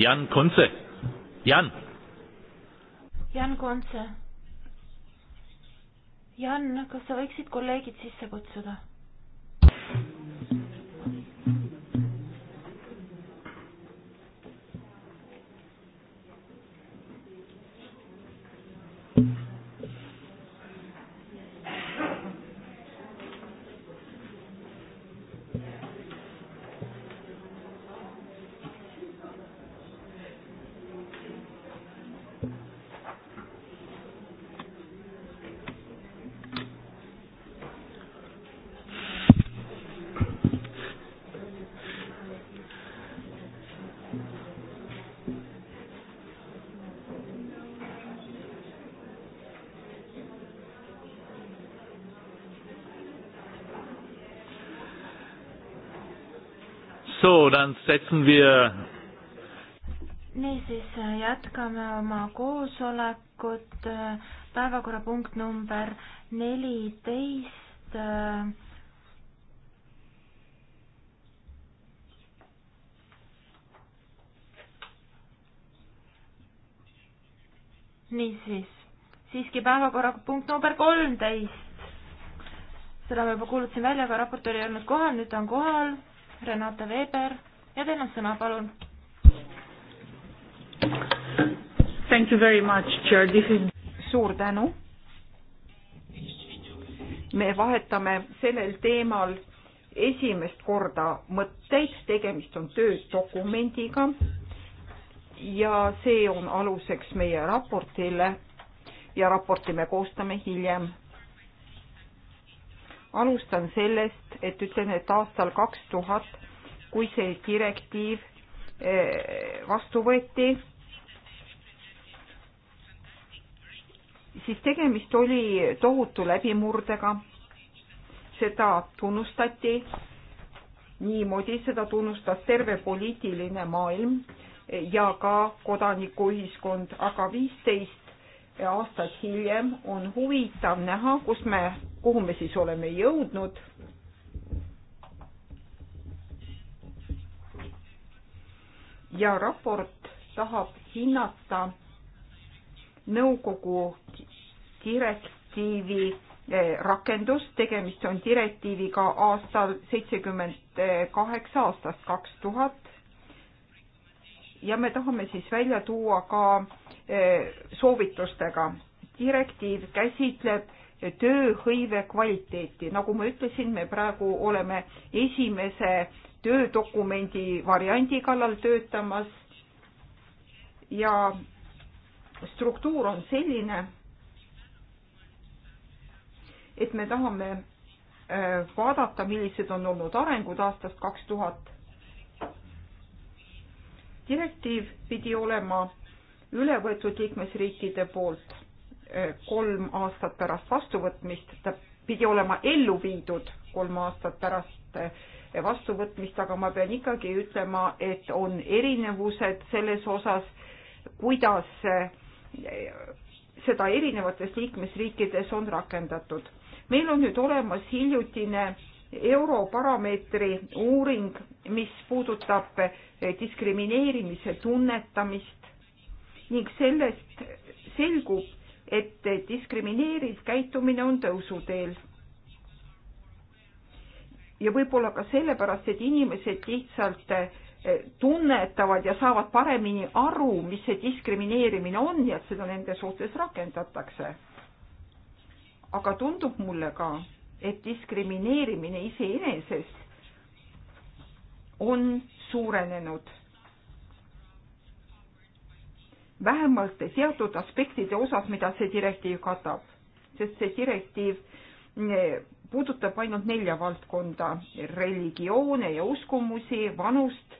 [SPEAKER 1] Jan Kunze. Jan.
[SPEAKER 2] Jan Kunze. Jan, kas sa võiksid kolleegid sisse kutsuda?
[SPEAKER 1] So, dann setzen wir.
[SPEAKER 2] niisiis, äh, jätkame oma koosolekut. Äh, päevakorrapunkt number neliteist. Äh. niisiis, siiski päevakorrapunkt number kolmteist. seda ma juba kuulutasin välja, aga raportööri ei olnud kohal, nüüd ta on kohal Renate Weber ja teil on sõna, palun.
[SPEAKER 4] Thank you very much, Chair. This is... suur tänu. me vahetame sellel teemal esimest korda mõtteid, tegemist on töödokumendiga ja see on aluseks meie raportile ja raporti me koostame hiljem alustan sellest, et ütlen, et aastal kaks tuhat, kui see direktiiv eh, vastu võeti, siis tegemist oli tohutu läbimurdega. seda tunnustati niimoodi, seda tunnustas terve poliitiline maailm ja ka kodanikuühiskond, aga viisteist aastat hiljem on huvitav näha, kus me, kuhu me siis oleme jõudnud. ja raport tahab hinnata nõukogu direktiivi eh, rakendust, tegemist on direktiiviga aastal seitsekümmend kaheksa aastast kaks tuhat. ja me tahame siis välja tuua ka Äh, soovitustega. direktiiv käsitleb tööhõive kvaliteeti, nagu ma ütlesin, me praegu oleme esimese töödokumendi variandi kallal töötamas ja struktuur on selline, et me tahame
[SPEAKER 1] äh,
[SPEAKER 4] vaadata, millised on olnud arengud aastast kaks tuhat. direktiiv pidi olema üle võetud liikmesriikide poolt eh, kolm aastat pärast vastuvõtmist, ta pidi olema ellu viidud kolm aastat pärast eh, vastuvõtmist, aga ma pean ikkagi ütlema, et on erinevused selles osas, kuidas eh, seda erinevates liikmesriikides on rakendatud. meil on nüüd olemas hiljutine Europarameetri uuring, mis puudutab diskrimineerimise tunnetamist ning sellest selgub, et diskrimineeriv käitumine on tõusuteel. ja võib-olla ka sellepärast, et inimesed lihtsalt eh, tunnetavad ja saavad paremini aru, mis see diskrimineerimine on ja et seda nende suhtes rakendatakse. aga tundub mulle ka, et diskrimineerimine iseenesest on suurenenud vähemalt seatud aspektide osas, mida see direktiiv katab, sest see direktiiv eh, puudutab ainult nelja valdkonda, religioone ja uskumusi, vanust,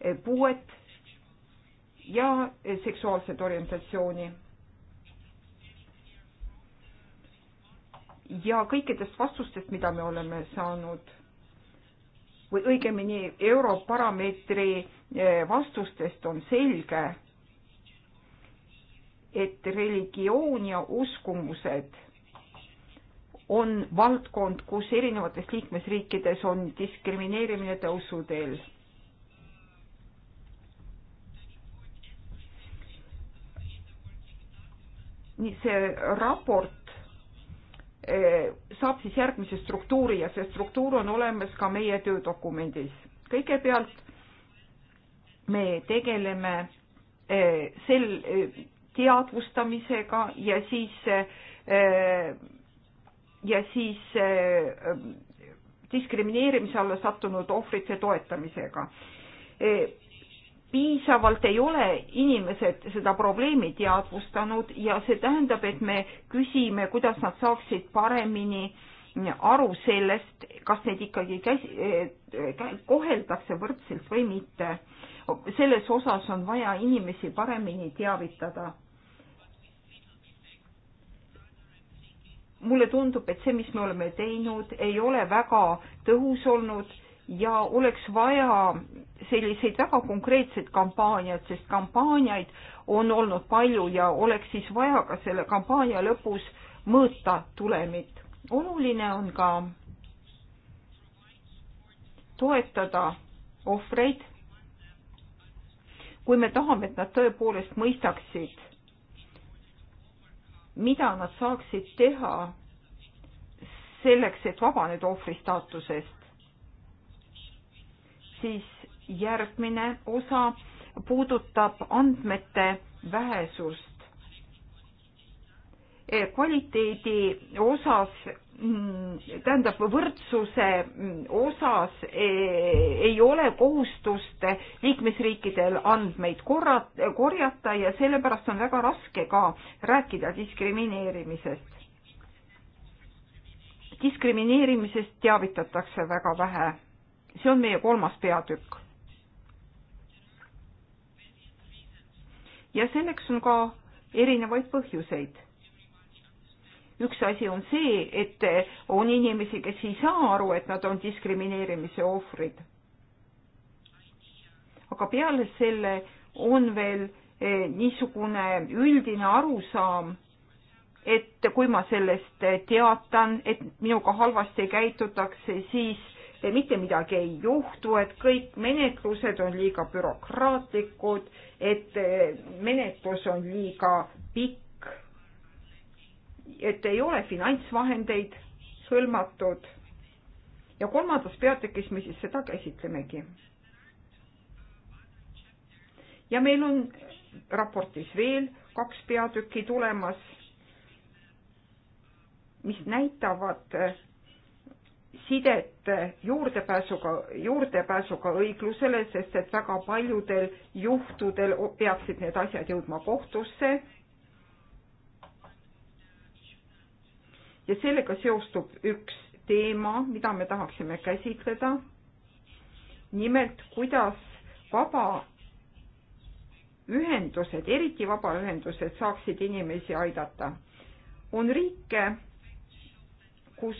[SPEAKER 4] eh, puuet ja eh, seksuaalset orientatsiooni. ja kõikidest vastustest, mida me oleme saanud või õigemini Europarameetri vastustest on selge, et religioon ja uskumused on valdkond, kus erinevates liikmesriikides on diskrimineerimine tõusuteel. nii see raport eh, saab siis järgmise struktuuri ja see struktuur on olemas ka meie töödokumendis. kõigepealt me tegeleme eh, sel teadvustamisega ja siis eh, ja siis eh, diskrimineerimise alla sattunud ohvrite toetamisega. Eh, piisavalt ei ole inimesed seda probleemi teadvustanud ja see tähendab, et me küsime, kuidas nad saaksid paremini aru sellest, kas neid ikkagi käsi, koheldakse võrdselt või mitte. selles osas on vaja inimesi paremini teavitada mulle tundub, et see, mis me oleme teinud, ei ole väga tõhus olnud ja oleks vaja selliseid väga konkreetseid kampaaniaid, sest kampaaniaid on olnud palju ja oleks siis vaja ka selle kampaania lõpus mõõta tulemit. oluline on ka toetada ohvreid, kui me tahame, et nad tõepoolest mõistaksid mida nad saaksid teha selleks, et vabaneda ohvri staatusest. siis järgmine osa puudutab andmete vähesust. kvaliteedi osas Mm, tähendab võrdsuse mm, osas e, ei ole kohustust liikmesriikidel andmeid korrat, korjata ja sellepärast on väga raske ka rääkida diskrimineerimisest. diskrimineerimisest teavitatakse väga vähe. see on meie kolmas peatükk. ja selleks on ka erinevaid põhjuseid üks asi on see, et on inimesi, kes ei saa aru, et nad on diskrimineerimise ohvrid. aga peale selle on veel eh, niisugune üldine arusaam, et kui ma sellest eh, teatan, et minuga halvasti käitutakse, siis eh, mitte midagi ei juhtu, et kõik menetlused on liiga bürokraatlikud, et menetlus on liiga pikk et ei ole finantsvahendeid hõlmatud. ja kolmandas peatükis me siis seda käsitlemegi. ja meil on raportis veel kaks peatükki tulemas, mis näitavad äh, sidet äh, juurdepääsuga, juurdepääsuga õiglusele, sest et väga paljudel juhtudel peaksid need asjad jõudma kohtusse ja sellega seostub üks teema, mida me tahaksime käsitleda. nimelt, kuidas vabaühendused, eriti vabaühendused saaksid inimesi aidata. on riike, kus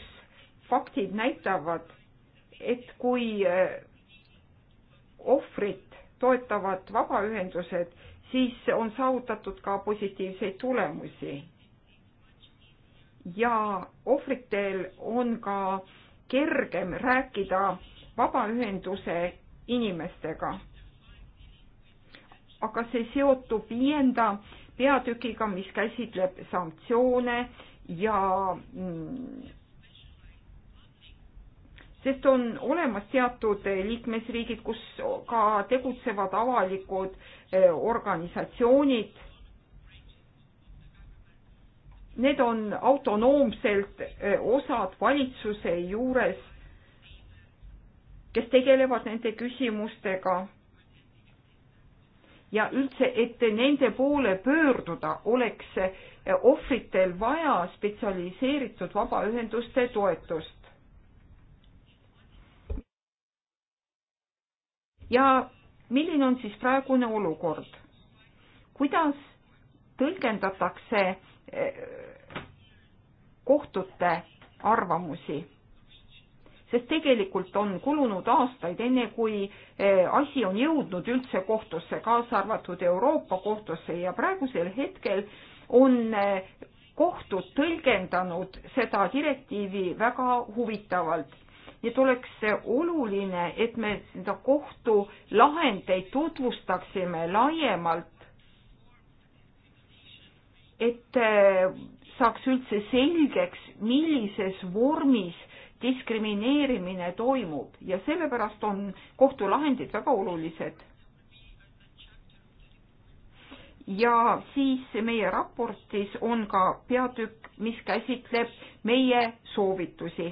[SPEAKER 4] faktid näitavad, et kui eh, ohvrit toetavad vabaühendused, siis on saavutatud ka positiivseid tulemusi ja ohvritel on ka kergem rääkida vabaühenduse inimestega. aga see seotub viienda peatükiga, mis käsitleb sanktsioone ja mm, sest on olemas teatud liikmesriigid, kus ka tegutsevad avalikud eh, organisatsioonid Need on autonoomselt eh, osad valitsuse juures, kes tegelevad nende küsimustega. ja üldse, et nende poole pöörduda, oleks eh, ohvritel vaja spetsialiseeritud vabaühenduste toetust. ja milline on siis praegune olukord? kuidas tõlgendatakse kohtute arvamusi. sest tegelikult on kulunud aastaid, enne kui eh, asi on jõudnud üldse kohtusse, kaasa arvatud Euroopa kohtusse ja praegusel hetkel on eh, kohtud tõlgendanud seda direktiivi väga huvitavalt. nii et oleks oluline, et me seda kohtulahendeid tutvustaksime laiemalt et äh, saaks üldse selgeks, millises vormis diskrimineerimine toimub ja sellepärast on kohtulahendid väga olulised. ja siis meie raportis on ka peatükk, mis käsitleb meie soovitusi.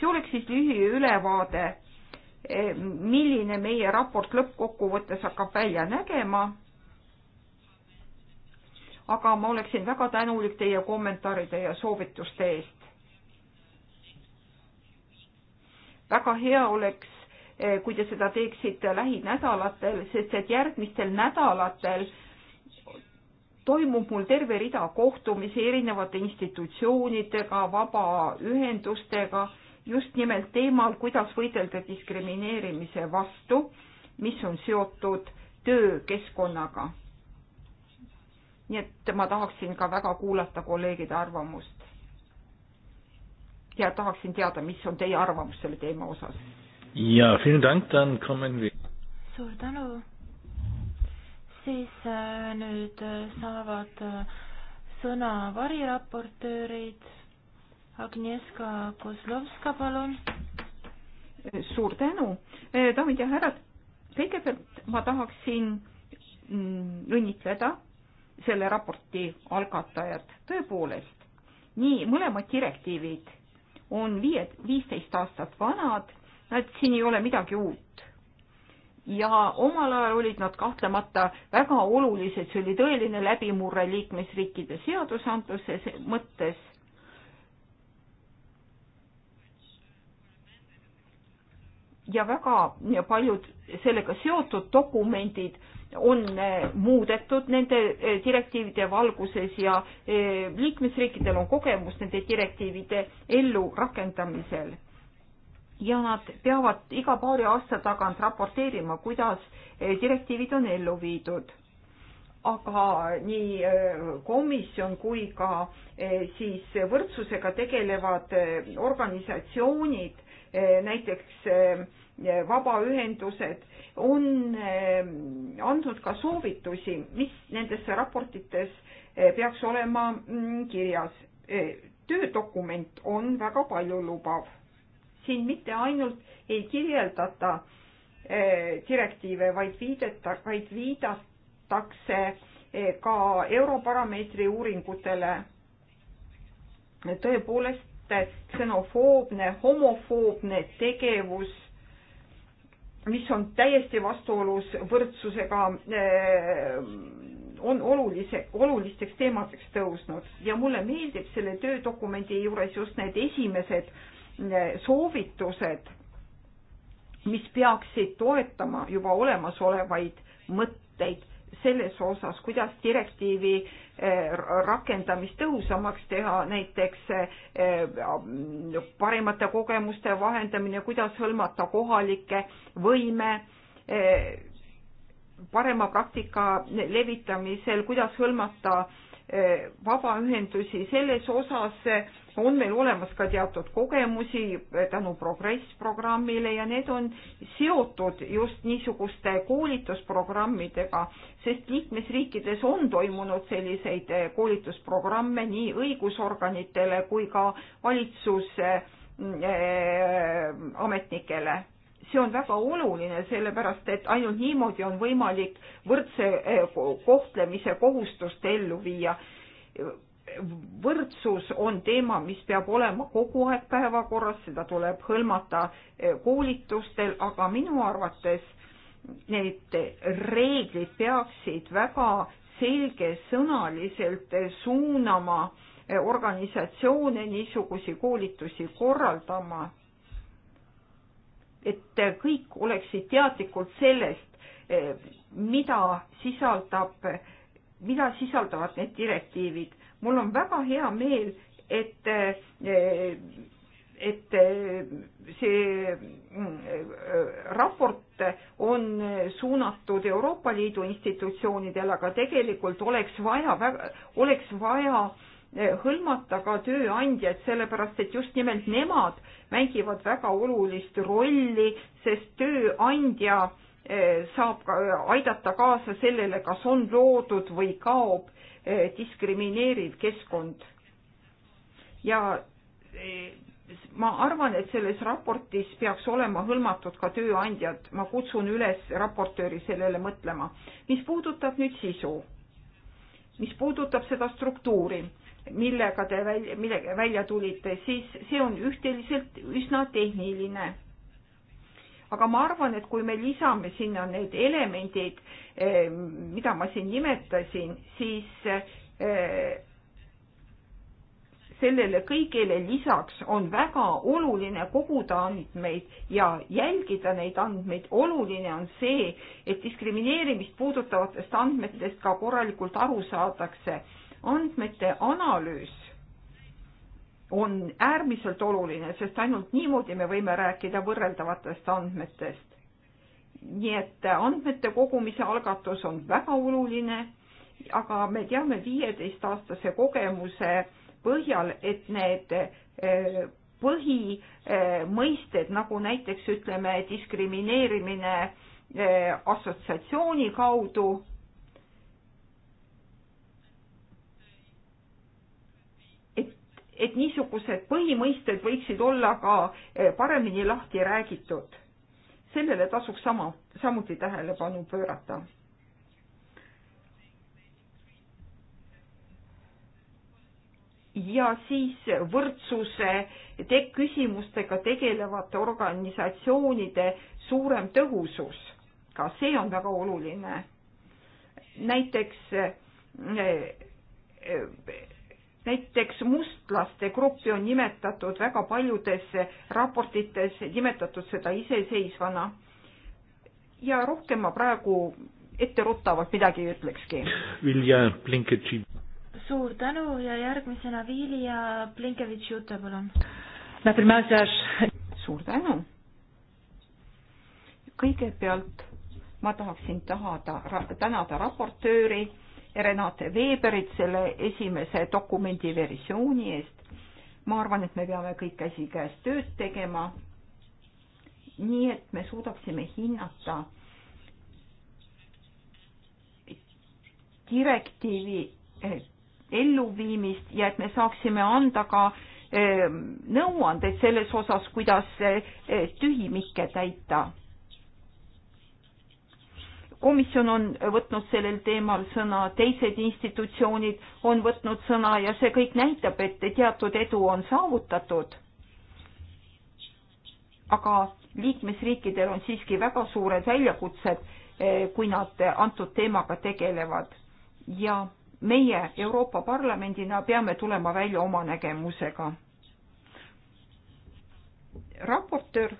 [SPEAKER 4] see oleks siis lühiülevaade, äh, milline meie raport lõppkokkuvõttes hakkab välja nägema aga ma oleksin väga tänulik teie kommentaaride ja soovituste eest. väga hea oleks, eh, kui te seda teeksite lähinädalatel, sest et järgmistel nädalatel toimub mul terve rida kohtumisi erinevate institutsioonidega, vabaühendustega just nimelt teemal, kuidas võidelda diskrimineerimise vastu, mis on seotud töökeskkonnaga nii et ma tahaksin ka väga kuulata kolleegide arvamust. ja tahaksin teada, mis on teie arvamus selle teema
[SPEAKER 1] osas. ja,
[SPEAKER 2] suur tänu. siis äh, nüüd äh, saavad äh, sõna variraportöörid. Agnieszka Kozlovska, palun.
[SPEAKER 4] suur tänu, äh, daamid ja härrad. kõigepealt ma tahaksin mm, õnnitleda mm, selle raporti algatajad. tõepoolest, nii mõlemad direktiivid on viie, viisteist aastat vanad, nad siin ei ole midagi uut. ja omal ajal olid nad kahtlemata väga olulised, see oli tõeline läbimurre liikmesriikide seadusandluse mõttes. ja väga ja paljud sellega seotud dokumendid on eh, muudetud nende eh, direktiivide valguses ja eh, liikmesriikidel on kogemus nende direktiivide ellurakendamisel. ja nad peavad iga paari aasta tagant raporteerima, kuidas direktiivid on ellu viidud aga nii komisjon kui ka siis võrdsusega tegelevad organisatsioonid, näiteks vabaühendused on ähm, andnud ka soovitusi, mis nendes raportites äh, peaks olema mm, kirjas. Äh, töödokument on väga paljulubav. siin mitte ainult ei kirjeldata äh, direktiive, vaid viideta, vaid viidatakse ka Europarameetri uuringutele. tõepoolest, ksenofoobne, homofoobne tegevus mis on täiesti vastuolus võrdsusega, eh, on olulise, olulisteks teemadeks tõusnud ja mulle meeldib selle töödokumendi juures just need esimesed eh, soovitused, mis peaksid toetama juba olemasolevaid mõtteid selles osas, kuidas direktiivi eh, rakendamist tõhusamaks teha, näiteks eh, paremate kogemuste vahendamine, kuidas hõlmata kohalikke võime, eh, parema praktika levitamisel, kuidas hõlmata vabaühendusi, selles osas on meil olemas ka teatud kogemusi tänu Progress programmile ja need on seotud just niisuguste koolitusprogrammidega, sest liikmesriikides on toimunud selliseid koolitusprogramme nii õigusorganitele kui ka valitsuse eh, ametnikele see on väga oluline, sellepärast et ainult niimoodi on võimalik võrdse eh, kohtlemise kohustust ellu viia võrdsus on teema, mis peab olema kogu aeg päevakorras, seda tuleb hõlmata eh, koolitustel, aga minu arvates need reeglid peaksid väga selgesõnaliselt suunama eh, organisatsioone niisugusi koolitusi korraldama, et kõik oleksid teadlikud sellest, eh, mida sisaldab, mida sisaldavad need direktiivid mul on väga hea meel, et, et see mm, raport on suunatud Euroopa Liidu institutsioonidele, aga tegelikult oleks vaja, oleks vaja hõlmata ka tööandjad, sellepärast et just nimelt nemad mängivad väga olulist rolli, sest tööandja eh, saab aidata kaasa sellele, kas on loodud või kaob Eh, diskrimineeriv keskkond. ja eh, ma arvan, et selles raportis peaks olema hõlmatud ka tööandjad, ma kutsun üles raportööri sellele mõtlema. mis puudutab nüüd sisu, mis puudutab seda struktuuri, millega te välja, millega välja tulite, siis see on ühteliselt üsna tehniline aga ma arvan, et kui me lisame sinna need elemendid, eh, mida ma siin nimetasin, siis eh, sellele kõigele lisaks on väga oluline koguda andmeid ja jälgida neid andmeid. oluline on see, et diskrimineerimist puudutavatest andmetest ka korralikult aru saadakse. andmete analüüs on äärmiselt oluline, sest ainult niimoodi me võime rääkida võrreldavatest andmetest. nii et andmete kogumise algatus on väga oluline, aga me teame viieteistaastase kogemuse põhjal, et need eh, põhimõisted nagu näiteks ütleme diskrimineerimine eh, assotsiatsiooni kaudu et niisugused põhimõisted võiksid olla ka eh, paremini lahti räägitud. sellele tasuks sama, samuti tähelepanu pöörata. ja siis võrdsuse te küsimustega tegelevate organisatsioonide suurem tõhusus, ka see on väga oluline. näiteks eh, eh, näiteks mustlaste gruppi on nimetatud väga paljudes raportites, nimetatud seda iseseisvana. ja rohkem ma praegu etteruttavalt midagi ei ütlekski.
[SPEAKER 1] Vilja Plinketši.
[SPEAKER 4] suur tänu ja
[SPEAKER 2] järgmisena
[SPEAKER 4] Vilja Plinkevitš-Jute, palun. suur tänu. kõigepealt ma tahaksin tahada, tänada raportööri Renate Veberit selle esimese dokumendi versiooni eest. ma arvan, et me peame kõik käsikäes tööd tegema. nii et me suudaksime hinnata direktiivi eh, elluviimist ja et me saaksime anda ka eh, nõuandeid selles osas, kuidas eh, tühimikke täita komisjon on võtnud sellel teemal sõna, teised institutsioonid on võtnud sõna ja see kõik näitab, et teatud edu on saavutatud. aga liikmesriikidel on siiski väga suured väljakutsed, eh, kui nad antud teemaga tegelevad ja meie Euroopa Parlamendina peame tulema välja oma nägemusega. raportöör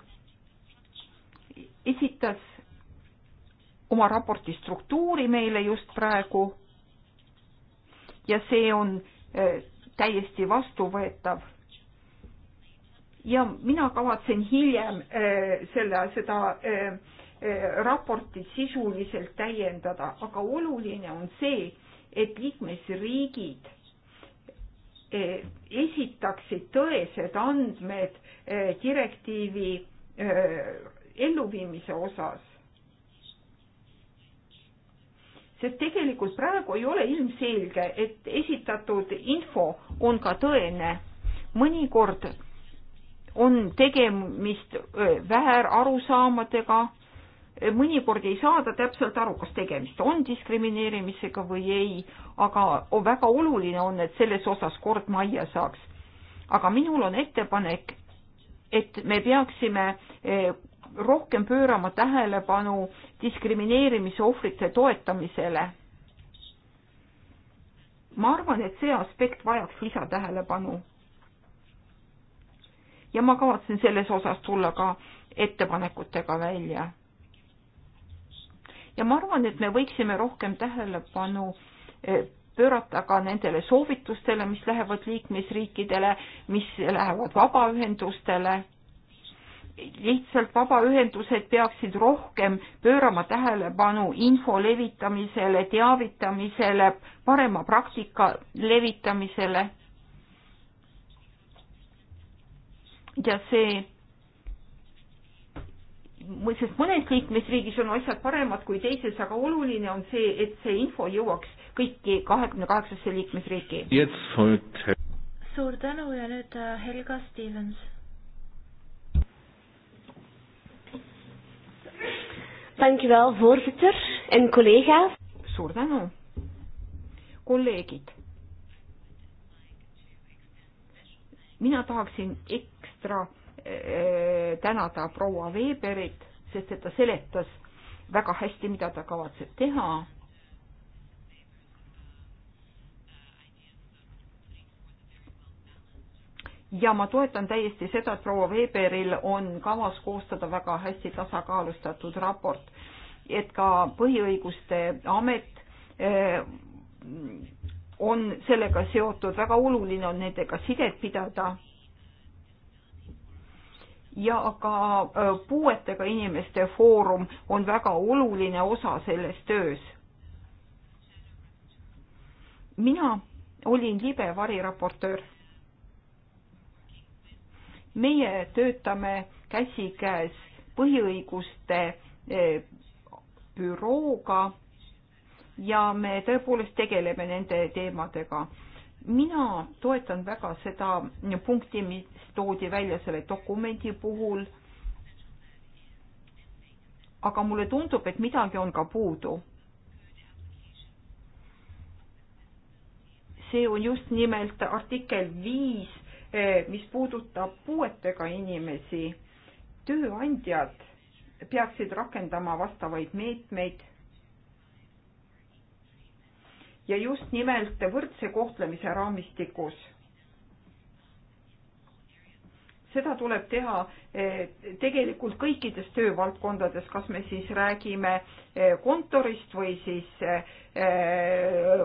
[SPEAKER 4] esitas oma raporti struktuuri meile just praegu ja see on eh, täiesti vastuvõetav. ja mina kavatsen hiljem eh, selle, seda eh, raportit sisuliselt täiendada, aga oluline on see, et liikmesriigid esitaksid tõesed andmed direktiivi elluviimise osas sest tegelikult praegu ei ole ilmselge, et esitatud info on ka tõene. mõnikord on tegemist väärarusaamadega, mõnikord ei saada täpselt aru, kas tegemist on diskrimineerimisega või ei, aga on väga oluline on, et selles osas kord majja saaks. aga minul on ettepanek, et me peaksime rohkem pöörama tähelepanu diskrimineerimise ohvrite toetamisele. ma arvan, et see aspekt vajaks lisatähelepanu. ja ma kavatsen selles osas tulla ka ettepanekutega välja. ja ma arvan, et me võiksime rohkem tähelepanu eh, pöörata ka nendele soovitustele, mis lähevad liikmesriikidele, mis lähevad vabaühendustele lihtsalt vabaühendused peaksid rohkem pöörama tähelepanu info levitamisele, teavitamisele, parema praktika levitamisele. ja see, sest mõnes liikmesriigis on asjad paremad kui teises, aga oluline on see, et see info jõuaks kõiki kahekümne kaheksasse liikmesriiki.
[SPEAKER 2] suur tänu ja nüüd äh, Helga Stevens
[SPEAKER 4] Dankjewel, voorzitter en collega's. Suur tänu. kolleegid. mina tahaksin ekstra äh, tänada proua Veberit, sest et ta seletas väga hästi, mida ta kavatseb teha ja ma toetan täiesti seda, et proua Weberil on kavas koostada väga hästi tasakaalustatud raport, et ka põhiõiguste amet eh, on sellega seotud, väga oluline on nendega sidet pidada. ja ka eh, puuetega inimeste foorum on väga oluline osa selles töös. mina olin libe variraportöör meie töötame käsikäes põhiõiguste e, bürooga ja me tõepoolest tegeleme nende teemadega. mina toetan väga seda punkti, mis toodi välja selle dokumendi puhul. aga mulle tundub, et midagi on ka puudu. see on just nimelt artikkel viis Eh, mis puudutab puuetega inimesi, tööandjad peaksid rakendama vastavaid meetmeid ja just nimelt võrdse kohtlemise raamistikus. seda tuleb teha eh, tegelikult kõikides töövaldkondades, kas me siis räägime eh, kontorist või siis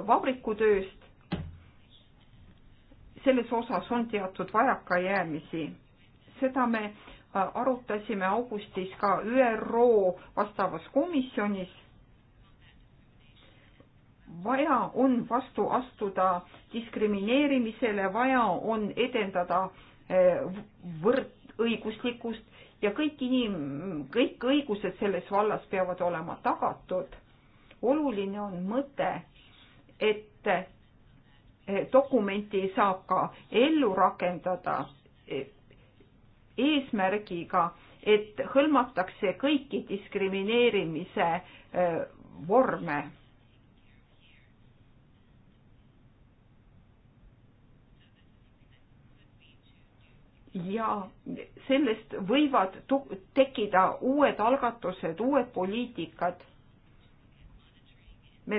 [SPEAKER 4] vabrikutööst, selles osas on teatud vajakajäämisi. seda me äh, arutasime augustis ka ÜRO vastavas komisjonis. vaja on vastu astuda diskrimineerimisele, vaja on edendada äh, võrdõiguslikkust ja kõik inim-, kõik õigused selles vallas peavad olema tagatud. oluline on mõte, et dokumenti saab ka ellu rakendada eesmärgiga, et hõlmatakse kõiki diskrimineerimise äh, vorme. ja sellest võivad tekkida uued algatused, uued poliitikad. me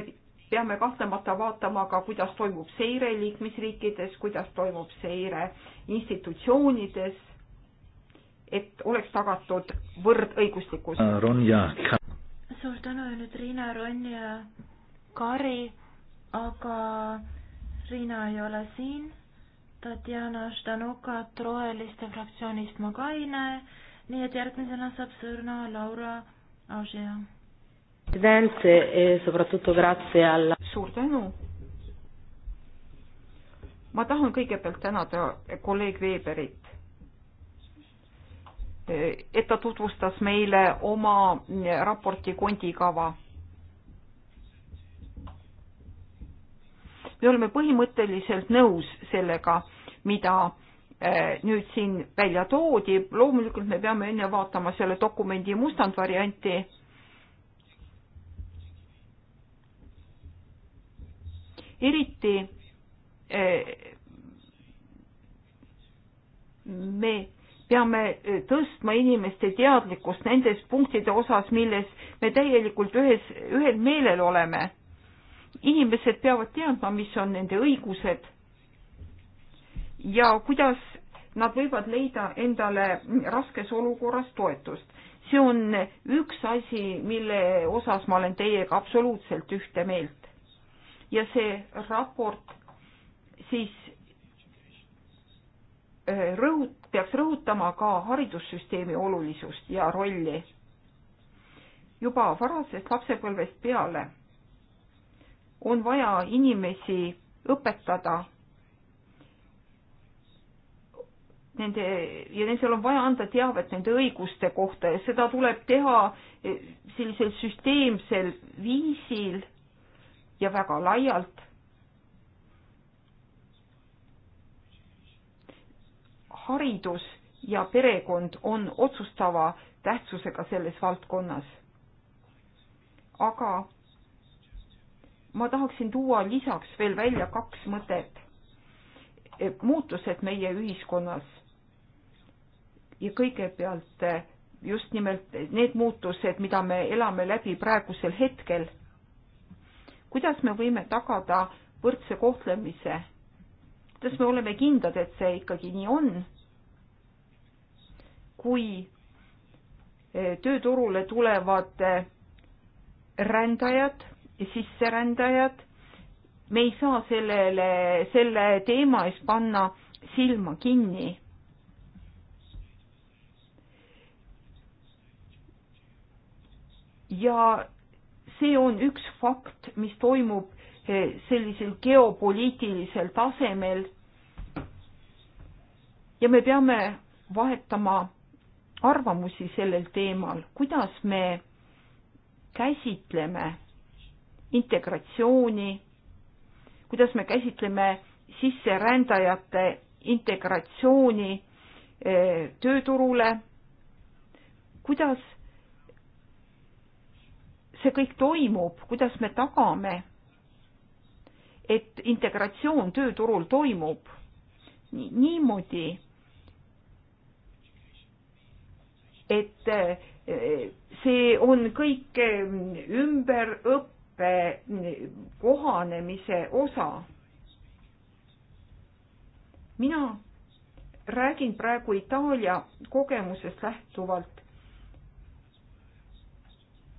[SPEAKER 4] peame kahtlemata vaatama ka, kuidas toimub seire liikmesriikides, kuidas toimub seire institutsioonides, et oleks tagatud võrdõiguslikkus.
[SPEAKER 1] Äh, Ronja.
[SPEAKER 2] suur tänu ja nüüd Riina, Ronja, Kari, aga Riina ei ole siin. Tatjana Štanukat Roheliste fraktsioonist ma ka ei näe, nii et järgmisena saab sõna Laura Ažia
[SPEAKER 3] E
[SPEAKER 4] suur tänu. ma tahan kõigepealt tänada kolleeg Veberit, et ta tutvustas meile oma raporti kondikava me oleme põhimõtteliselt nõus sellega, mida eh, nüüd siin välja toodi, loomulikult me peame enne vaatama selle dokumendi mustandvarianti, eriti eh, me peame eh, tõstma inimeste teadlikkust nendes punktide osas, milles me täielikult ühes, ühel meelel oleme. inimesed peavad teadma, mis on nende õigused ja kuidas nad võivad leida endale raskes olukorras toetust. see on üks asi, mille osas ma olen teiega absoluutselt ühte meelt ja see raport siis äh, rõhut-, peaks rõhutama ka haridussüsteemi olulisust ja rolli juba varasest lapsepõlvest peale on vaja inimesi õpetada nende ja nendel on vaja anda teavet nende õiguste kohta ja seda tuleb teha äh, sellisel süsteemsel viisil ja väga laialt. haridus ja perekond on otsustava tähtsusega selles valdkonnas. aga ma tahaksin tuua lisaks veel välja kaks mõtet. E, muutused meie ühiskonnas ja kõigepealt e, just nimelt need muutused, mida me elame läbi praegusel hetkel kuidas me võime tagada võrdse kohtlemise? kuidas me oleme kindlad, et see ikkagi nii on? kui eh, tööturule tulevad eh, rändajad, sisserändajad, me ei saa sellele, selle teema ees panna silma kinni ja see on üks fakt, mis toimub eh, sellisel geopoliitilisel tasemel. ja me peame vahetama arvamusi sellel teemal, kuidas me käsitleme integratsiooni, kuidas me käsitleme sisserändajate integratsiooni eh, tööturule, kuidas see kõik toimub, kuidas me tagame, et integratsioon tööturul toimub niimoodi, et eh, see on kõik eh, ümberõppe eh, kohanemise osa. mina räägin praegu Itaalia kogemusest lähtuvalt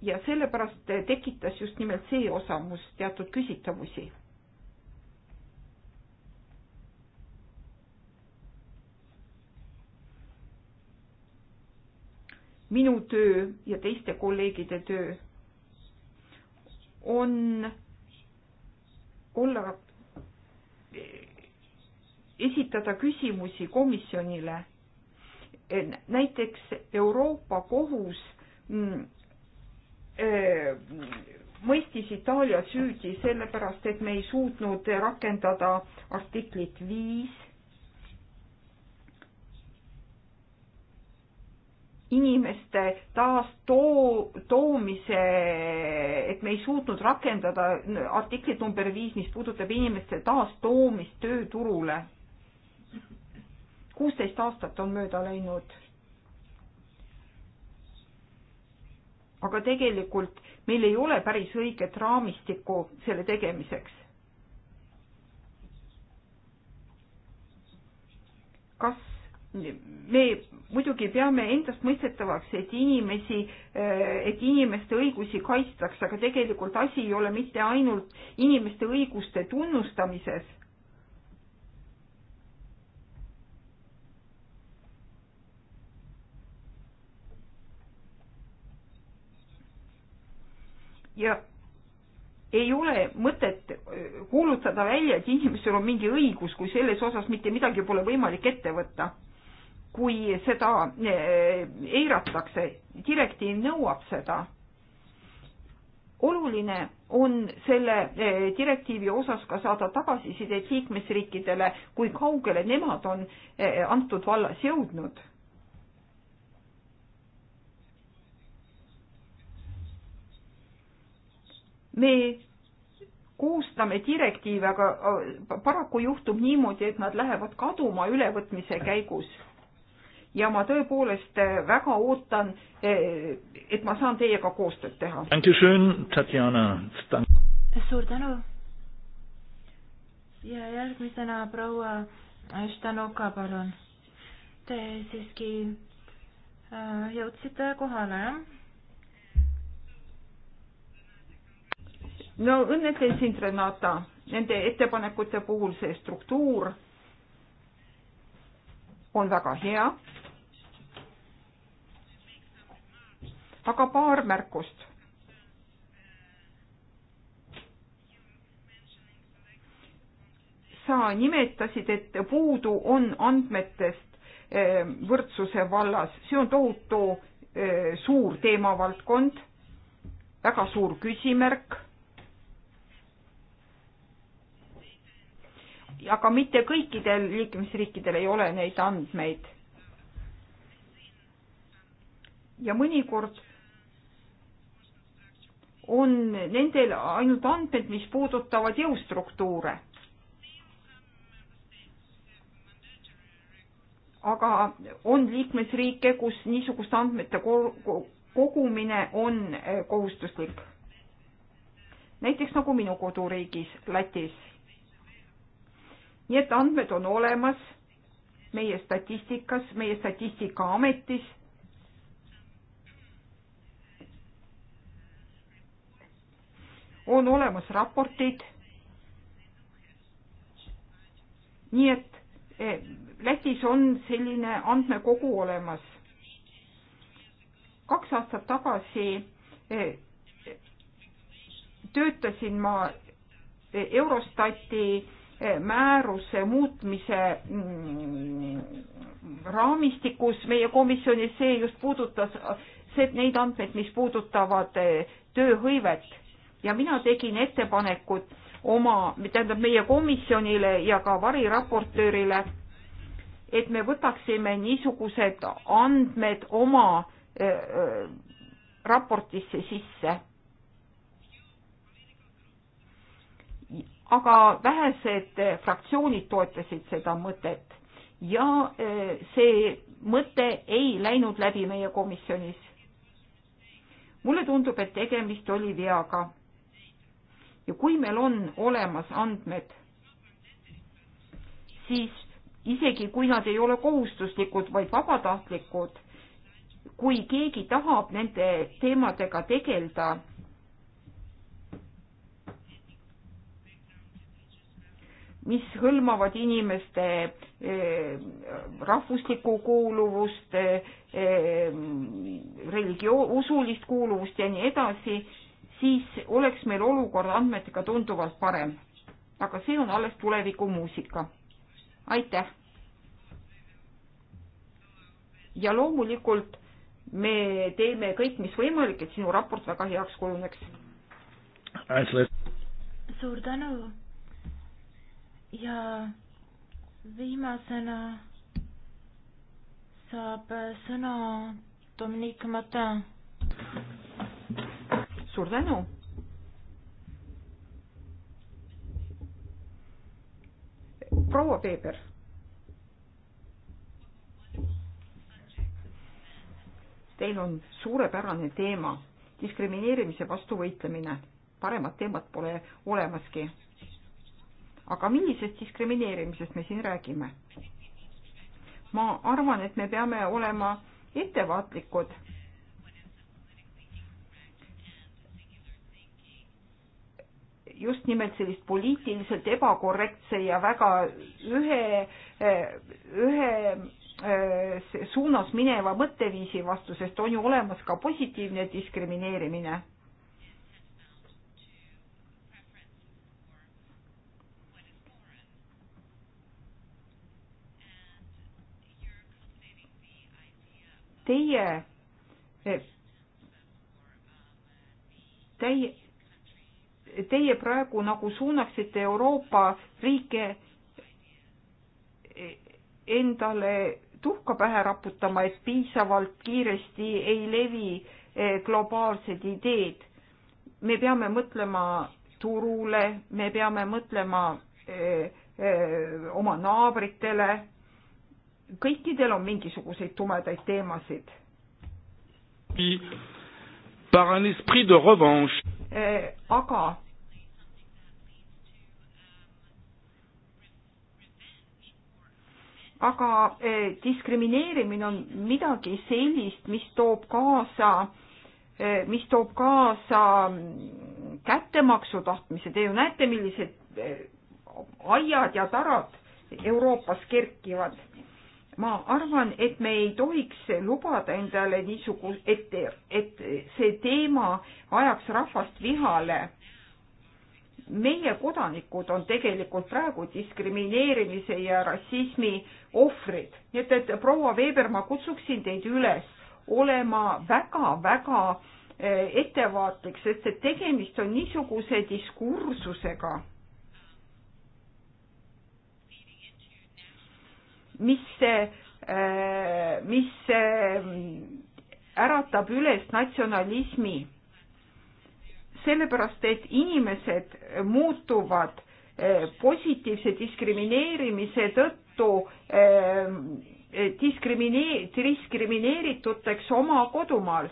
[SPEAKER 4] ja sellepärast tekitas just nimelt see osa must teatud küsitavusi. minu töö ja teiste kolleegide töö on olla, esitada küsimusi komisjonile. näiteks Euroopa Kohus mm, Äh, mõistis Itaalia süüdi sellepärast, et me ei suutnud rakendada artiklit viis. inimeste taastoo-, toomise, et me ei suutnud rakendada artiklit number viis, mis puudutab inimeste taastoomist tööturule. kuusteist aastat on mööda läinud aga tegelikult meil ei ole päris õiget raamistikku selle tegemiseks. kas me muidugi peame endastmõistetavaks, et inimesi, et inimeste õigusi kaitstakse, aga tegelikult asi ei ole mitte ainult inimeste õiguste tunnustamises ja ei ole mõtet äh, kuulutada välja, et inimesel on mingi õigus, kui selles osas mitte midagi pole võimalik ette võtta. kui seda äh, eiratakse, direktiiv nõuab seda. oluline on selle äh, direktiivi osas ka saada tagasisidet liikmesriikidele, kui kaugele nemad on antud vallas jõudnud me koostame direktiive, aga paraku juhtub niimoodi, et nad lähevad kaduma ülevõtmise käigus. ja ma tõepoolest eh, väga ootan, eh, et ma saan teiega koostööd teha. suur
[SPEAKER 2] tänu. ja järgmisena proua Štanuka, palun. Te siiski äh, jõudsite kohale,
[SPEAKER 4] jah? no õnnetlen sind, Renata, nende ettepanekute puhul see struktuur on väga hea. aga paar märkust. sa nimetasid, et puudu on andmetest eh, võrdsuse vallas, see on tohutu eh, suur teemavaldkond, väga suur küsimärk aga mitte kõikidel liikmesriikidel ei ole neid andmeid. ja mõnikord on nendel ainult andmed, mis puudutavad jõustruktuure. aga on liikmesriike, kus niisuguste andmete kogumine on eh, kohustuslik. näiteks nagu minu koduriigis Lätis nii et andmed on olemas meie statistikas, meie Statistikaametis. on olemas raportid. nii et eh, Lätis on selline andmekogu olemas. kaks aastat tagasi eh, töötasin ma eh, Eurostati määruse muutmise mm, raamistikus meie komisjonis, see just puudutas see, neid andmeid, mis puudutavad eh, tööhõivet ja mina tegin ettepanekud oma, tähendab meie komisjonile ja ka variraportöörile, et me võtaksime niisugused andmed oma eh, eh, raportisse sisse aga vähesed fraktsioonid toetasid seda mõtet ja eh, see mõte ei läinud läbi meie komisjonis. mulle tundub, et tegemist oli veaga. ja kui meil on olemas andmed, siis isegi kui nad ei ole kohustuslikud, vaid vabatahtlikud, kui keegi tahab nende teemadega tegeleda, mis hõlmavad inimeste eh, rahvuslikku kuuluvust, eh, religio-, usulist kuuluvust ja nii edasi, siis oleks meil olukord andmetega tunduvalt parem. aga see on alles tulevikumuusika. aitäh! ja loomulikult me teeme kõik, mis võimalik, et sinu raport väga heaks kujuneks.
[SPEAKER 2] suur tänu! ja viimasena saab sõna Dominique Matin.
[SPEAKER 4] suur tänu. proua Peeter. Teil on suurepärane teema, diskrimineerimise vastu võitlemine. paremat teemat pole olemaski aga millisest diskrimineerimisest me siin räägime? ma arvan, et me peame olema ettevaatlikud. just nimelt sellist poliitiliselt ebakorrektse ja väga ühe, ühe eh, suunas mineva mõtteviisi vastu, sest on ju olemas ka positiivne diskrimineerimine teie, eh, teie, teie praegu nagu suunaksite Euroopa riike eh, endale tuhka pähe raputama, et piisavalt kiiresti ei levi eh, globaalsed ideed. me peame mõtlema turule, me peame mõtlema öö, öö, oma naabritele kõikidel on mingisuguseid tumedaid teemasid. aga aga diskrimineerimine on midagi sellist, mis toob kaasa, mis toob kaasa mm, kättemaksu tahtmise. Te ju näete, millised aiad ja tarad Euroopas kerkivad ma arvan, et me ei tohiks lubada endale niisugust, et, et see teema ajaks rahvast vihale. meie kodanikud on tegelikult praegu diskrimineerimise ja rassismi ohvrid, nii et, et proua Veber, ma kutsuksin teid üles olema väga-väga eh, ettevaatlik, sest et tegemist on niisuguse diskursusega mis, äh, mis äratab üles natsionalismi. sellepärast, et inimesed muutuvad äh, positiivse diskrimineerimise tõttu äh, diskrimineer-, diskrimineerituteks oma kodumaal.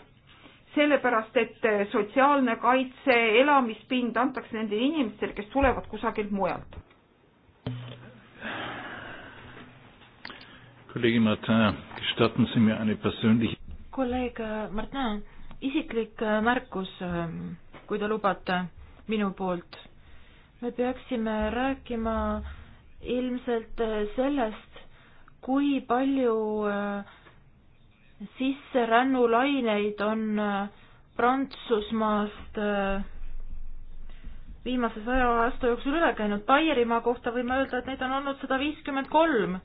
[SPEAKER 4] sellepärast, et sotsiaalne kaitse, elamispind antakse nendele inimestele, kes tulevad kusagilt mujalt
[SPEAKER 1] kolleeg Martin, gestatten Sie mir eine persönliche.
[SPEAKER 4] kolleeg äh, Martin,
[SPEAKER 2] isiklik äh, märkus, ähm, kui te lubate minu poolt. me peaksime rääkima ilmselt äh, sellest, kui palju sisserännulaineid on Prantsusmaast viimase saja aasta jooksul üle käinud. Baierimaa kohta võime öelda, et neid on olnud sada viiskümmend kolm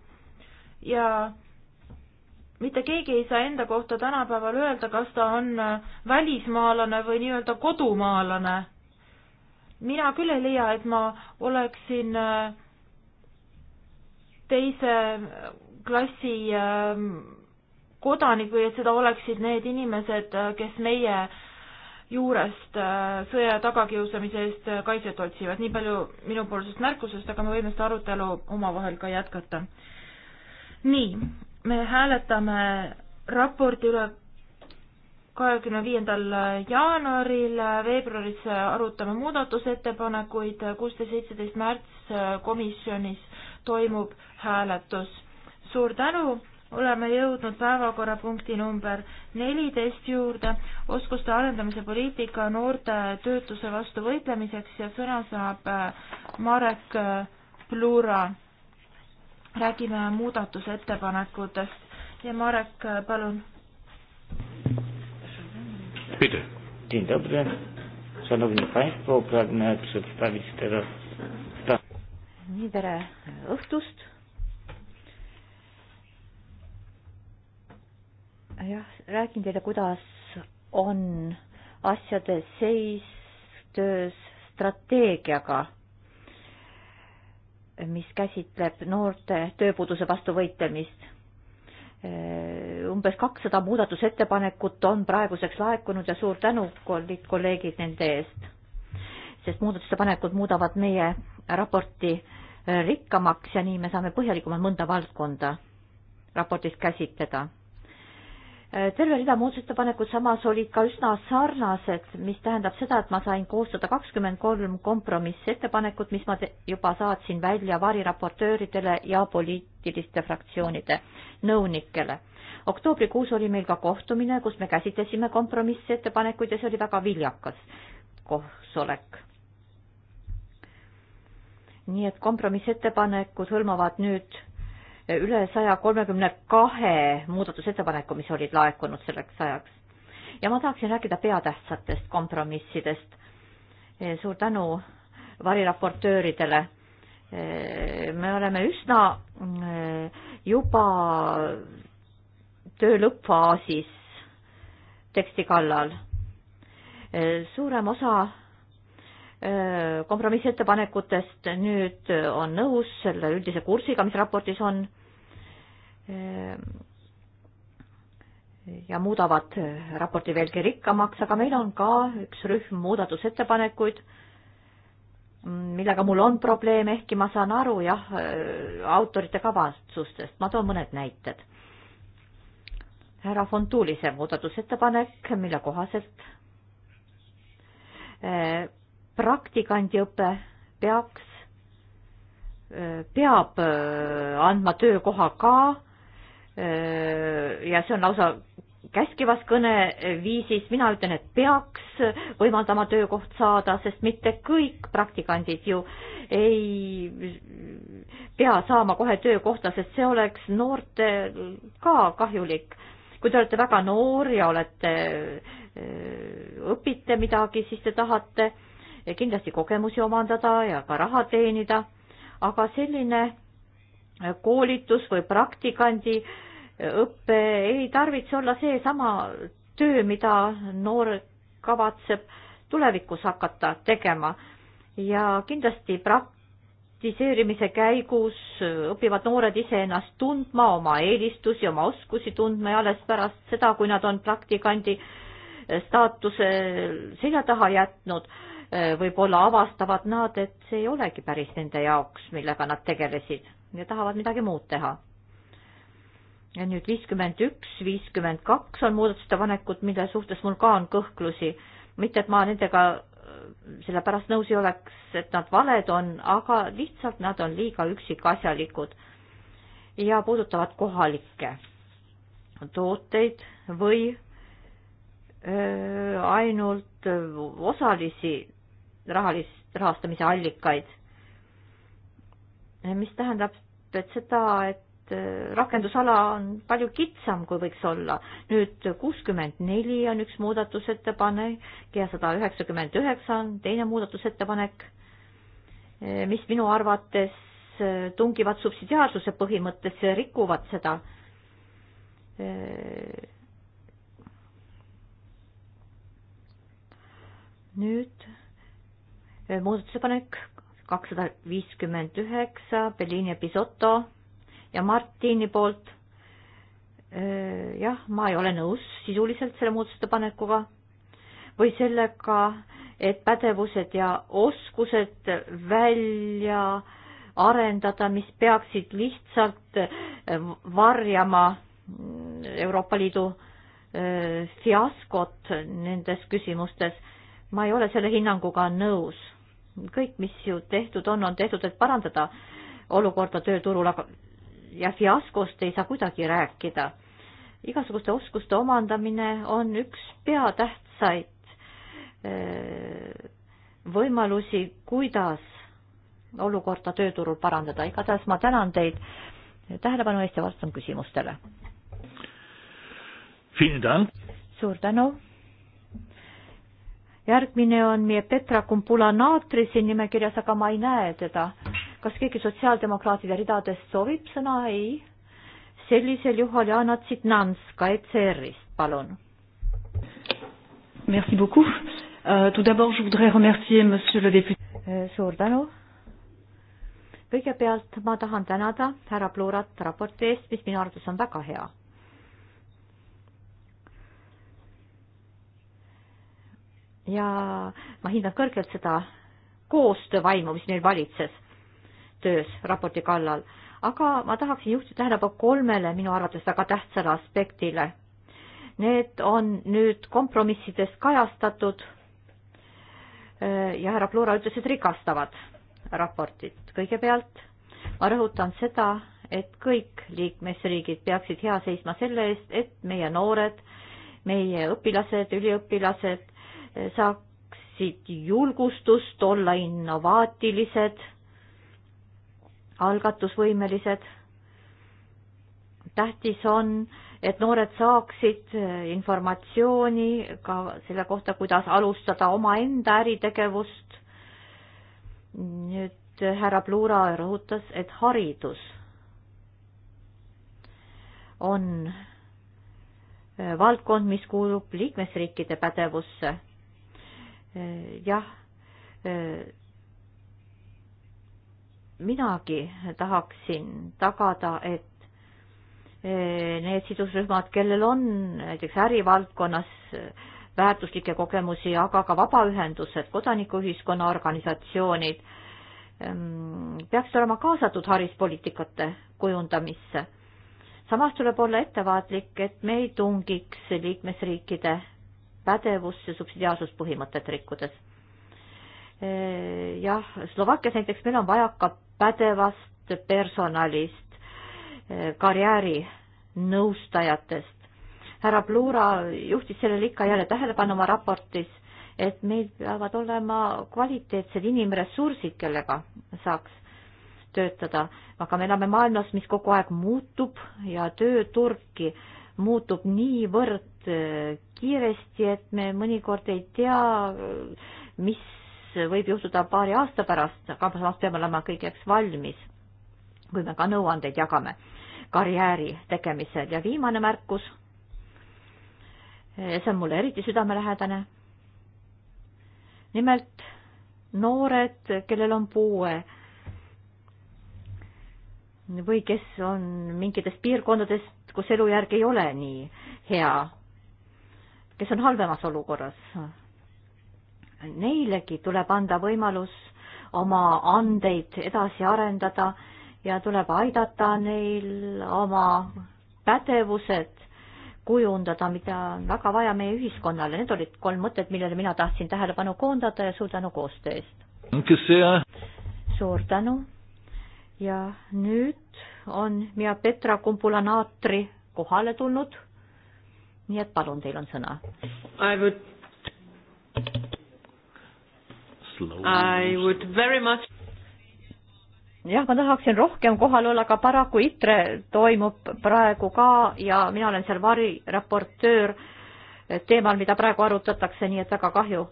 [SPEAKER 2] ja mitte keegi ei saa enda kohta tänapäeval öelda, kas ta on äh, välismaalane või nii-öelda kodumaalane. mina küll ei leia, et ma oleksin äh, teise äh, klassi ähm, kodanik või et seda oleksid need inimesed, kes meie juurest sõja tagakiusamise eest kaitset otsivad. nii palju minupoolsest märkusest, aga me võime seda arutelu omavahel ka jätkata nii, me hääletame raporti üle kahekümne viiendal jaanuaril, veebruaris arutame muudatusettepanekuid, kuusteist, seitseteist märts komisjonis toimub hääletus. suur tänu, oleme jõudnud päevakorrapunkti number neliteist juurde, oskuste arendamise poliitika noorte töötuse vastu võitlemiseks ja sõna saab Marek Plura räägime muudatusettepanekutest ja Marek, palun.
[SPEAKER 1] Dzień dobry. Szanowni Państwo, pragnę przedstawić teraz...
[SPEAKER 3] Nii, tere õhtust. Jah, räägin teile, kuidas on asjade seis töös strateegiaga mis käsitleb noorte tööpuuduse vastu võitlemist. Äh, umbes kakssada muudatusettepanekut on praeguseks laekunud ja suur tänu, kallid kolleegid, nende eest, sest muudatusettepanekud muudavad meie raporti äh, rikkamaks ja nii me saame põhjalikumalt mõnda valdkonda raportis käsitleda Äh, terve rida muudatusettepanekud samas olid ka üsna sarnased, mis tähendab seda, et ma sain koostada kakskümmend kolm kompromissettepanekut, mis ma juba saatsin välja variraportööridele ja poliitiliste fraktsioonide nõunikele. oktoobrikuus oli meil ka kohtumine, kus me käsitlesime kompromissettepanekuid ja see oli väga viljakas koosolek. nii et kompromissettepanekud hõlmavad nüüd üle saja kolmekümne kahe muudatusettepaneku, mis olid laekunud selleks ajaks. ja ma tahaksin rääkida peatähtsatest kompromissidest. E, suur tänu variraportööridele. E, me oleme üsna e, juba töö lõppfaasis teksti kallal. suurem osa Äh, kompromissettepanekutest nüüd on nõus selle üldise kursiga, mis raportis on äh, ja muudavad raporti veelgi rikkamaks, aga meil on ka üks rühm muudatusettepanekuid, millega mul on probleeme, ehkki ma saan aru jah, autorite kavatsustest, ma toon mõned näited. härra Fontulise muudatusettepanek, mille kohaselt äh, praktikandiõpe peaks, peab äh, andma töökoha ka äh, ja see on lausa käskivas kõneviisis, mina ütlen, et peaks võimaldama töökoht saada, sest mitte kõik praktikandid ju ei pea saama kohe töökohta, sest see oleks noortel ka kahjulik. kui te olete väga noor ja olete, äh, õpite midagi, siis te tahate äh, kindlasti kogemusi omandada ja ka raha teenida, aga selline koolitus või praktikandi õpe ei tarvitse olla seesama töö, mida noor kavatseb tulevikus hakata tegema ja kindlasti praktiseerimise käigus õpivad noored ise ennast tundma, oma eelistusi, oma oskusi tundma ja alles pärast seda, kui nad on praktikandi staatuse selja taha jätnud, võib-olla avastavad nad, et see ei olegi päris nende jaoks, millega nad tegelesid ja tahavad midagi muud teha. ja nüüd viiskümmend üks, viiskümmend kaks on muudatusettepanekud, mille suhtes mul ka on kõhklusi. mitte, et ma nendega äh, sellepärast nõus ei oleks, et nad valed on, aga lihtsalt nad on liiga üksikasjalikud ja puudutavad kohalikke tooteid või öö, äh, ainult äh, osalisi rahalist, rahastamise allikaid. mis tähendab, et seda, et äh, rakendusala on palju kitsam, kui võiks olla. nüüd kuuskümmend neli on üks muudatusettepanek ja sada üheksakümmend üheksa on teine muudatusettepanek, äh, mis minu arvates äh, tungivad subsidiaarsuse põhimõttesse ja rikuvad seda nüüd Äh, muudatusepanek kakssada viiskümmend üheksa Bellini ja Pisotto ja Martini poolt. Äh, jah, ma ei ole nõus sisuliselt selle muudatusettepanekuga või sellega, et pädevused ja oskused välja arendada, mis peaksid lihtsalt äh, varjama mm, Euroopa Liidu fiaskot nendes küsimustes. ma ei ole selle hinnanguga nõus kõik, mis ju tehtud on, on tehtud, et parandada olukorda tööturul, aga ja fiaskost ei saa kuidagi rääkida. igasuguste oskuste omandamine on üks peatähtsaid eh, võimalusi, kuidas olukorda tööturul parandada. igatahes ma tänan teid tähelepanu eest ja vastan küsimustele. suur tänu järgmine on meie Petra Kumpula Naatri siin nimekirjas, aga ma ei näe teda. kas keegi sotsiaaldemokraatide ridadest soovib sõna? ei. sellisel juhul Jana Tsitnanska ECR-ist, palun.
[SPEAKER 2] Merci beaucoup uh,. Tout d'abord je voudrais remercier monsieur le député. Euh, suur tänu.
[SPEAKER 3] kõigepealt ma tahan tänada härra Pluurat raporti eest, mis minu arvates on väga hea ja ma hindan kõrgelt seda koostöövaimu, mis meil valitses töös raporti kallal, aga ma tahaksin juhtida tähelepanu kolmele minu arvates väga tähtsale aspektile. Need on nüüd kompromissidest kajastatud ja härra Plura ütles, et rikastavad raportit. kõigepealt ma rõhutan seda, et kõik liikmesriigid peaksid hea seisma selle eest, et meie noored, meie õpilased, üliõpilased saaksid julgustust olla innovaatilised, algatusvõimelised. tähtis on, et noored saaksid informatsiooni ka selle kohta, kuidas alustada omaenda äritegevust. nüüd härra Plura rõhutas, et haridus on valdkond, mis kuulub liikmesriikide pädevusse Eh, jah, eh, minagi tahaksin tagada, et eh, need sidusrühmad, kellel on näiteks ärivaldkonnas väärtuslikke kogemusi, aga ka vabaühendused, kodanikuühiskonna organisatsioonid, ehm, peaksid olema kaasatud hariduspoliitikate kujundamisse. samas tuleb olla ettevaatlik, et me ei tungiks liikmesriikide pädevust ja subsidiaarsuspõhimõtet rikkudes. Eh, jah, Slovakkias näiteks meil on vajaka pädevast personalist, eh, karjäärinõustajatest. härra Plura juhtis sellele ikka jälle tähelepanu oma raportis, et meil peavad olema kvaliteetsed inimressursid, kellega saaks töötada, aga me elame maailmas, mis kogu aeg muutub ja tööturgki muutub niivõrd Äh, kiiresti, et me mõnikord ei tea, äh, mis võib juhtuda paari aasta pärast, aga samas peame olema kõigeks valmis, kui me ka nõuandeid jagame karjääri tegemisel ja viimane märkus, see on mulle eriti südamelähedane. nimelt noored, kellel on puue või kes on mingitest piirkondadest, kus elujärg ei ole nii hea kes on halvemas olukorras. Neilegi tuleb anda võimalus oma andeid edasi arendada ja tuleb aidata neil oma pädevused kujundada, mida on väga vaja meie ühiskonnale. Need olid kolm mõtet, millele mina tahtsin tähelepanu koondada ja suur tänu koostöö
[SPEAKER 1] eest.
[SPEAKER 3] suur tänu. ja nüüd on Mia Petra Kumbulanaatri kohale tulnud nii et palun, teil on sõna.
[SPEAKER 2] I would I would very much
[SPEAKER 3] jah, ma tahaksin rohkem kohal olla, aga paraku ITRE toimub praegu ka ja mina olen seal variraportöör teemal, mida praegu arutatakse, nii et väga kahju.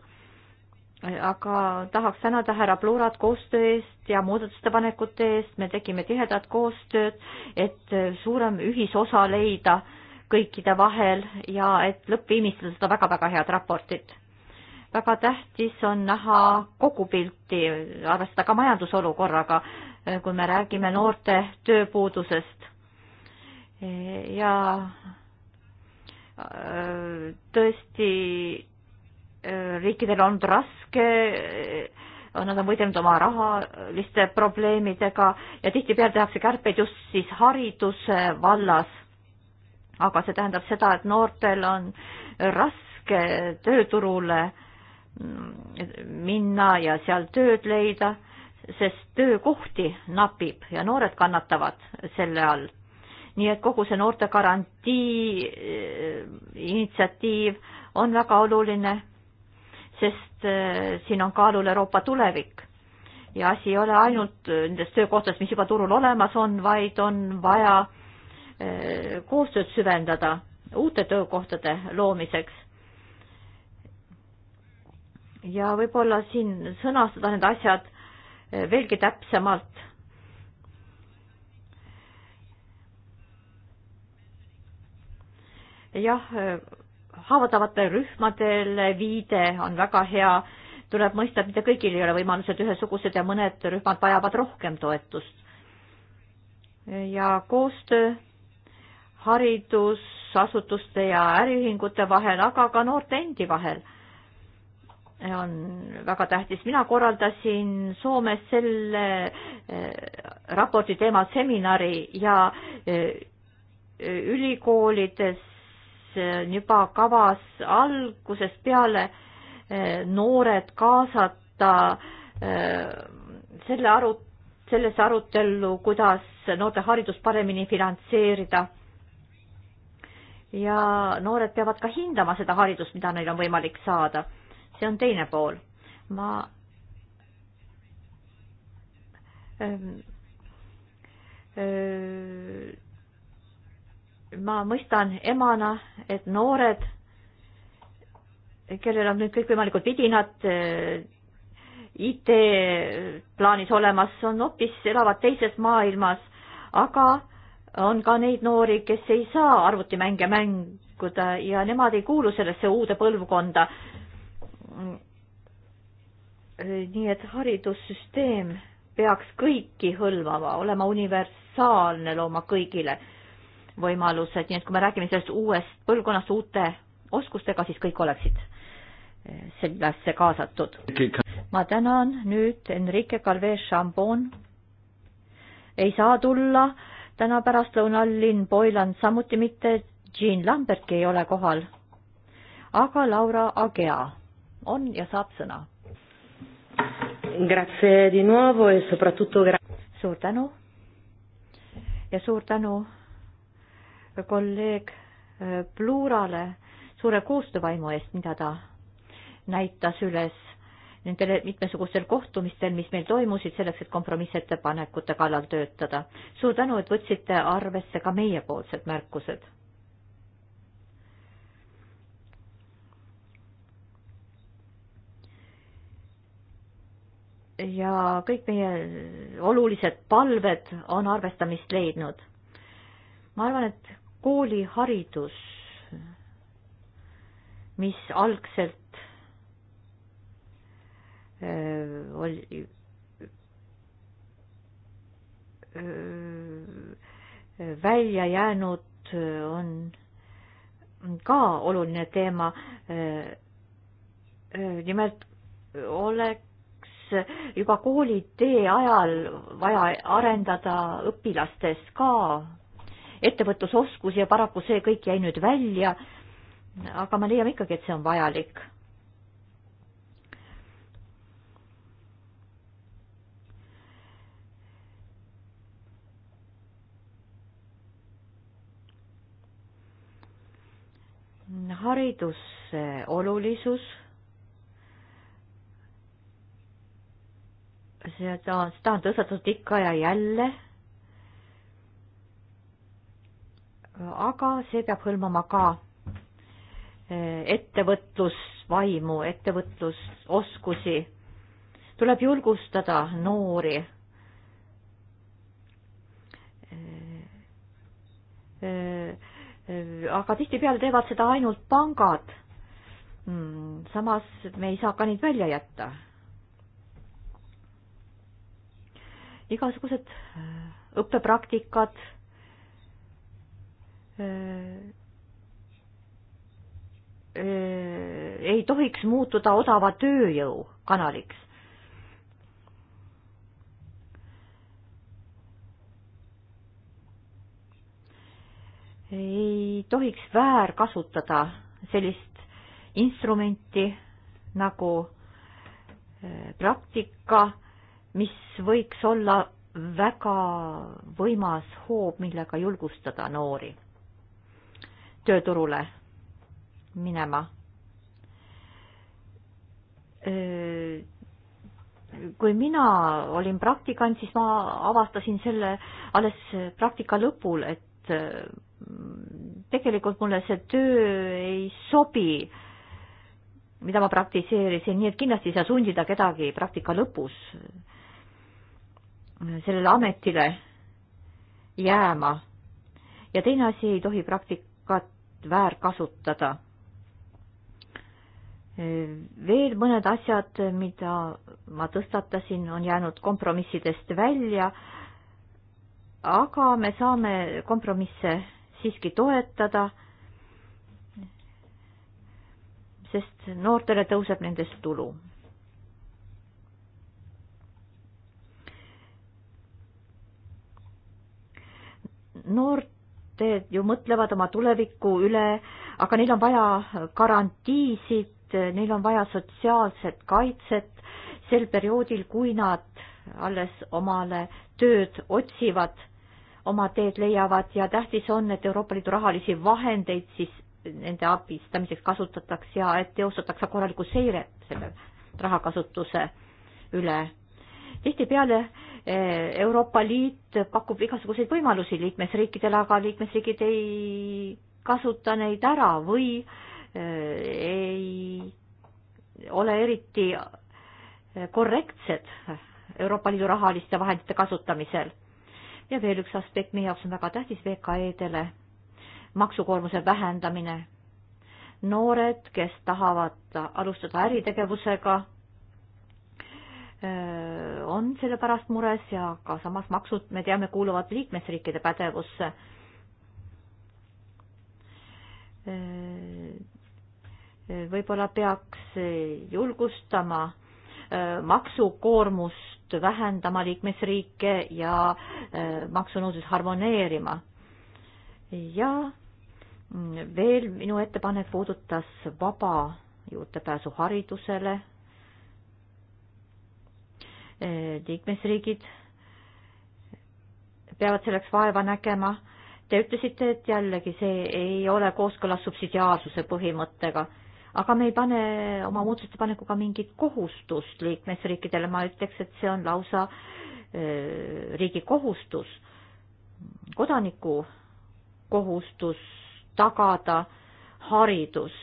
[SPEAKER 3] aga tahaks tänada härra Plurat koostöö eest ja muudatusettepanekute eest, me tegime tihedat koostööd, et suurem ühisosa leida kõikide vahel ja et lõppviimistleda seda väga-väga head raportit. väga tähtis on näha kogupilti, arvestada ka majandusolukorraga, kui me räägime noorte tööpuudusest. ja tõesti riikidel on olnud raske, nad on võidelnud oma rahaliste probleemidega ja tihtipeale tehakse kärpeid just siis hariduse vallas aga see tähendab seda, et noortel on raske tööturule minna ja seal tööd leida, sest töökohti napib ja noored kannatavad selle all. nii et kogu see noorte garantii eh, initsiatiiv on väga oluline, sest eh, siin on kaalul Euroopa tulevik ja asi ei ole ainult nendes töökohtades, mis juba turul olemas on, vaid on vaja äh, Äh, koostööd süvendada uute töökohtade loomiseks. ja võib-olla siin sõnastada need asjad äh, veelgi täpsemalt. jah, äh, haavatavatele rühmadele viide on väga hea, tuleb mõista, et mitte kõigil ei ole võimalused ühesugused ja mõned rühmad vajavad rohkem toetust. ja koostöö haridusasutuste ja äriühingute vahel, aga ka noorte endi vahel. on väga tähtis, mina korraldasin Soomes selle eh, raporti teemal seminari ja eh, ülikoolides on eh, juba kavas algusest peale noored kaasata selle arut-, sellesse arutellu, kuidas noorte haridust paremini finantseerida ja noored peavad ka hindama seda haridust, mida neil on võimalik saada. see on teine pool. ma ähm, äh, ma mõistan emana, et noored, kellel on nüüd kõikvõimalikud vidinad äh, IT plaanis olemas, on hoopis, elavad teises maailmas, aga on ka neid noori, kes ei saa arvutimänge mänguda ja nemad ei kuulu sellesse uude põlvkonda. nii et haridussüsteem peaks kõiki hõlmama, olema universaalne, looma kõigile võimalused, nii et kui me räägime sellest uuest põlvkonnast uute oskustega, siis kõik oleksid sellesse kaasatud. ma tänan nüüd Enrique Calvez Chambon ei saa tulla täna pärastlõunal Lynn Boylan samuti mitte, Jean Lambertki ei ole kohal. aga Laura Agea on ja saab sõna. E suur tänu ja suur tänu kolleeg eh, Plurale suure koostöövaimu eest, mida ta näitas üles nendel mitmesugustel kohtumistel, mis meil toimusid, selleks et kompromissettepanekute kallal töötada. suur tänu, et võtsite arvesse ka meiepoolsed märkused. ja kõik meie olulised palved on arvestamist leidnud. ma arvan, et kooliharidus, mis algselt oli äh, äh, välja jäänud, äh, on ka oluline teema. nimelt oleks juba koolitee ajal vaja arendada õpilastes ka ettevõtlusoskusi ja paraku see kõik jäi nüüd välja. aga me leiame ikkagi, et see on vajalik hariduse olulisus, seda, seda on tõstatatud ikka ja jälle, aga see peab hõlmama ka eh, ettevõtlusvaimu, ettevõtlusoskusi. tuleb julgustada noori aga tihtipeale teevad seda ainult pangad. Hmm, samas me ei saa ka neid välja jätta. igasugused äh, õppepraktikad äh, äh, ei tohiks muutuda odava tööjõu kanaliks ei tohiks väärkasutada sellist instrumenti nagu äh, praktika, mis võiks olla väga võimas hoob, millega julgustada noori tööturule minema. Äh, kui mina olin praktikant, siis ma avastasin selle alles praktika lõpul, et äh, tegelikult mulle see töö ei sobi, mida ma praktiseerisin, nii et kindlasti ei saa sundida kedagi praktika lõpus sellele ametile jääma. ja teine asi, ei tohi praktikat väärkasutada. veel mõned asjad, mida ma tõstatasin, on jäänud kompromissidest välja, aga me saame kompromisse siiski toetada, sest noortele tõuseb nendest tulu. noored ju mõtlevad oma tuleviku üle, aga neil on vaja garantiisid, neil on vaja sotsiaalset kaitset sel perioodil, kui nad alles omale tööd otsivad oma teed leiavad ja tähtis on, et Euroopa Liidu rahalisi vahendeid siis nende abistamiseks kasutataks ja et teostatakse korralikku seiret selle rahakasutuse üle. tihtipeale eh, Euroopa Liit pakub igasuguseid võimalusi liikmesriikidele, aga liikmesriigid ei kasuta neid ära või eh, ei ole eriti eh, korrektsed Euroopa Liidu rahaliste vahendite kasutamisel ja veel üks aspekt meie jaoks on väga tähtis VKE-dele, maksukoormuse vähendamine. noored, kes tahavad alustada äritegevusega, on selle pärast mures ja ka samas maksud, me teame, kuuluvad liikmesriikide pädevusse. võib-olla peaks julgustama maksukoormust koormust vähendama liikmesriike ja äh, maksunõudlus harmoneerima. ja mm, veel minu ettepanek puudutas vaba juurdepääsu haridusele. Äh, liikmesriigid peavad selleks vaeva nägema. Te ütlesite, et jällegi see ei ole kooskõlas subsidiaarsuse põhimõttega aga me ei pane oma muudatusettepanekuga mingit kohustust liikmesriikidele, ma ütleks, et see on lausa riigi kohustus, kodaniku kohustus tagada haridus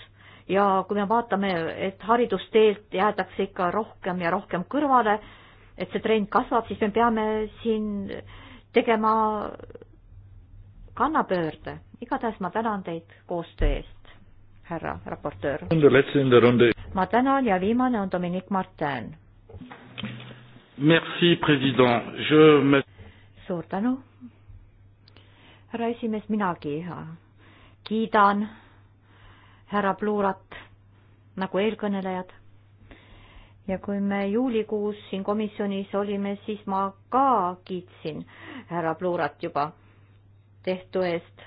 [SPEAKER 3] ja kui me vaatame, et haridusteelt jäädakse ikka rohkem ja rohkem kõrvale, et see trend kasvab, siis me peame siin tegema kannapöörde. igatahes ma tänan teid koostöö eest härra raportöör. ma tänan ja viimane on Dominic Martin.
[SPEAKER 1] Merci, president. Je...
[SPEAKER 3] suur tänu. härra esimees, minagi kiidan härra Pluurat nagu eelkõnelejad. ja kui me juulikuus siin komisjonis olime, siis ma ka kiitsin härra Pluurat juba tehtu eest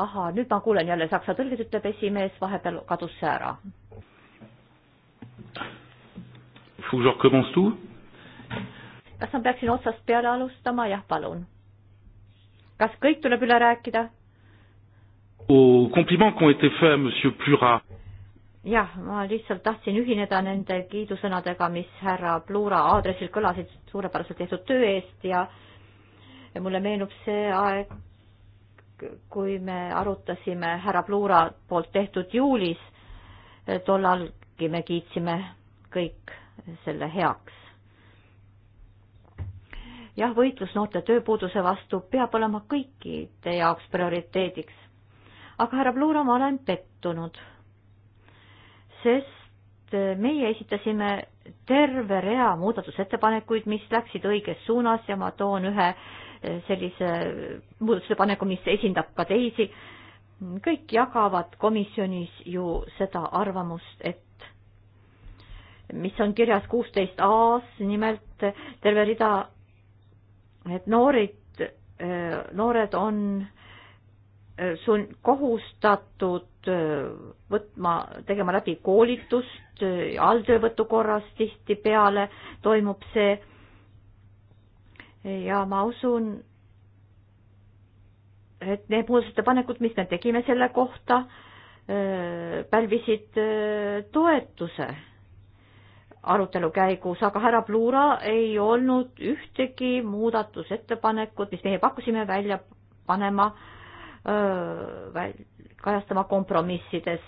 [SPEAKER 3] ahaa, nüüd ma kuulen jälle saksa tõlget, ütleb esimees, vahepeal kadus see ära. kas ma peaksin otsast peale alustama, jah, palun. kas kõik tuleb üle rääkida? jah, ma lihtsalt tahtsin ühineda nende kiidusõnadega, mis härra Plura aadressil kõlasid suurepäraselt tehtud töö eest ja ja mulle meenub see aeg, kui me arutasime härra Pluura poolt tehtud juulis, eh, tollalgi me kiitsime kõik selle heaks. jah, võitlus noorte tööpuuduse vastu peab olema kõikide jaoks prioriteediks. aga härra Pluura, ma olen pettunud, sest eh, meie esitasime terve rea muudatusettepanekuid, mis läksid õiges suunas ja ma toon ühe äh, sellise muudatusettepaneku, mis esindab ka teisi. kõik jagavad komisjonis ju seda arvamust, et mis on kirjas kuusteist A-s, nimelt terve rida, et noorid, noored on sun-, kohustatud võtma, tegema läbi koolitust, alltöövõtu korras tihtipeale toimub see ja ma usun, et need muudatusettepanekud, mis me tegime selle kohta, äh, pälvisid äh, toetuse arutelu käigus, aga härra Plura ei olnud ühtegi muudatusettepanekut, mis meie pakkusime välja panema, äh, kajastama kompromissides,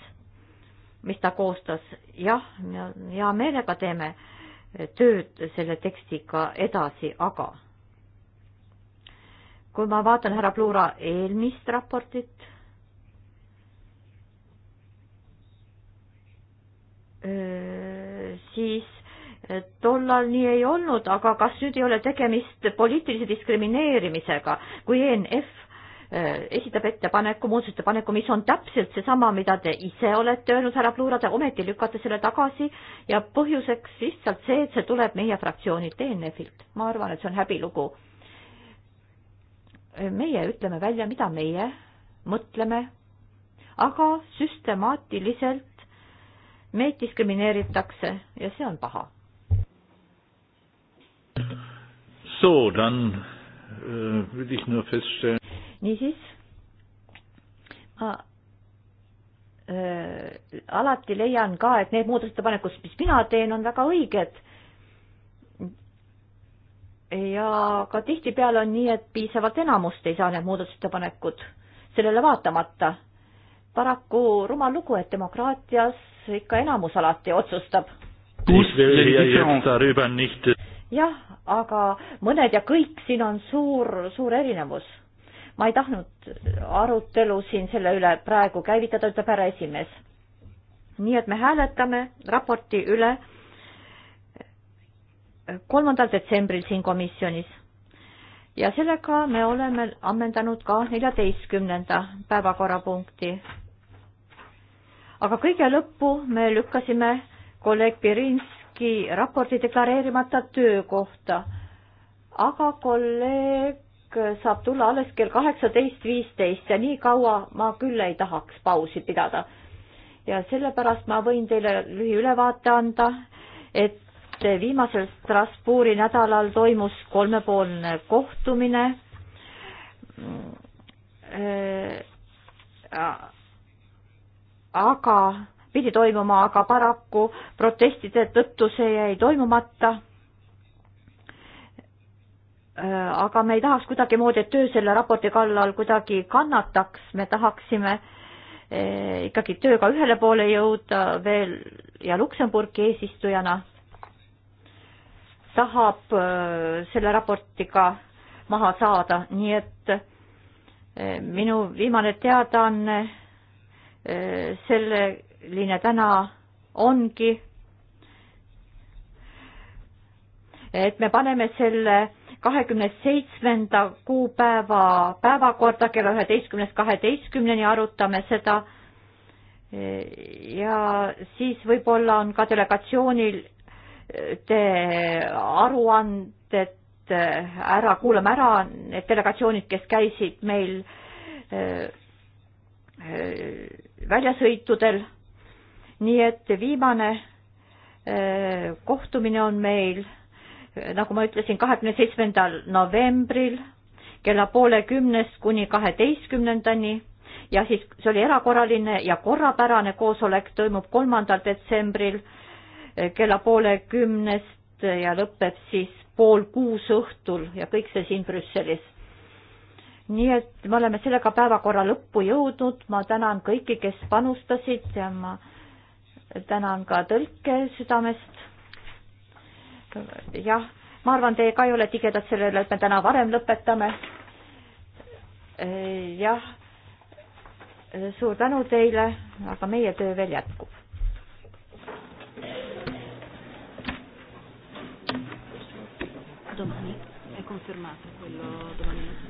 [SPEAKER 3] mis ta koostas. jah, hea meelega teeme tööd selle tekstiga edasi, aga kui ma vaatan härra Plura eelmist raportit, siis e, tollal nii ei olnud, aga kas nüüd ei ole tegemist poliitilise diskrimineerimisega, kui ENF e, esitab ettepaneku, muudatusettepaneku, mis on täpselt seesama, mida te ise olete öelnud, härra Pluura, te ometi lükkate selle tagasi ja põhjuseks lihtsalt see, et see tuleb meie fraktsioonilt, ENF-ilt. ma arvan, et see on häbilugu meie ütleme välja, mida meie mõtleme, aga süstemaatiliselt meid diskrimineeritakse ja see on paha.
[SPEAKER 1] So, dann äh, will ich nur feststellen.
[SPEAKER 3] Niisiis, ma äh, alati leian ka, et need muudatusettepanekud, mis mina teen, on väga õiged ja ka tihtipeale on nii, et piisavat enamust ei saa need muudatusettepanekud sellele vaatamata. paraku rumal lugu, et demokraatias ikka enamus alati otsustab. jah, aga mõned ja kõik, siin on suur, suur erinevus. ma ei tahtnud arutelu siin selle üle praegu käivitada, ütleb härra esimees. nii et me hääletame raporti üle kolmandal detsembril siin komisjonis. ja sellega me oleme ammendanud ka neljateistkümnenda päevakorrapunkti. aga kõige lõppu me lükkasime kolleeg Pirinski raporti deklareerimata töö kohta. aga kolleeg saab tulla alles kell kaheksateist viisteist ja nii kaua ma küll ei tahaks pausi pidada. ja sellepärast ma võin teile lühiülevaate anda, et et viimasel Strasbourgi nädalal toimus kolmepoolne kohtumine aga pidi toimuma, aga paraku protestide tõttu see jäi toimumata. aga me ei tahaks kuidagimoodi, et töö selle raporti kallal kuidagi kannataks, me tahaksime eh, ikkagi tööga ühele poole jõuda veel ja Luksemburgi eesistujana tahab äh, selle raportiga maha saada, nii et äh, minu viimane teadaanne äh, selline täna ongi, et me paneme selle kahekümne seitsmenda kuupäeva päevakorda kella üheteistkümnest kaheteistkümneni, arutame seda ja siis võib-olla on ka delegatsioonil te aruanded ära, kuulame ära need delegatsioonid, kes käisid meil äh, äh, väljasõitudel. nii et viimane äh, kohtumine on meil, nagu ma ütlesin, kahekümne seitsmendal novembril kella poole kümnest kuni kaheteistkümnendani ja siis see oli erakorraline ja korrapärane koosolek toimub kolmandal detsembril kella poole kümnest ja lõpeb siis pool kuus õhtul ja kõik see siin Brüsselis. nii et me oleme sellega päevakorra lõppu jõudnud, ma tänan kõiki, kes panustasid ja ma tänan ka tõlke südamest. jah, ma arvan, te ka ei ole tigedad sellele, et me täna varem lõpetame. jah, suur tänu teile, aga meie töö veel jätkub.
[SPEAKER 1] confermato
[SPEAKER 2] quello domani mattina.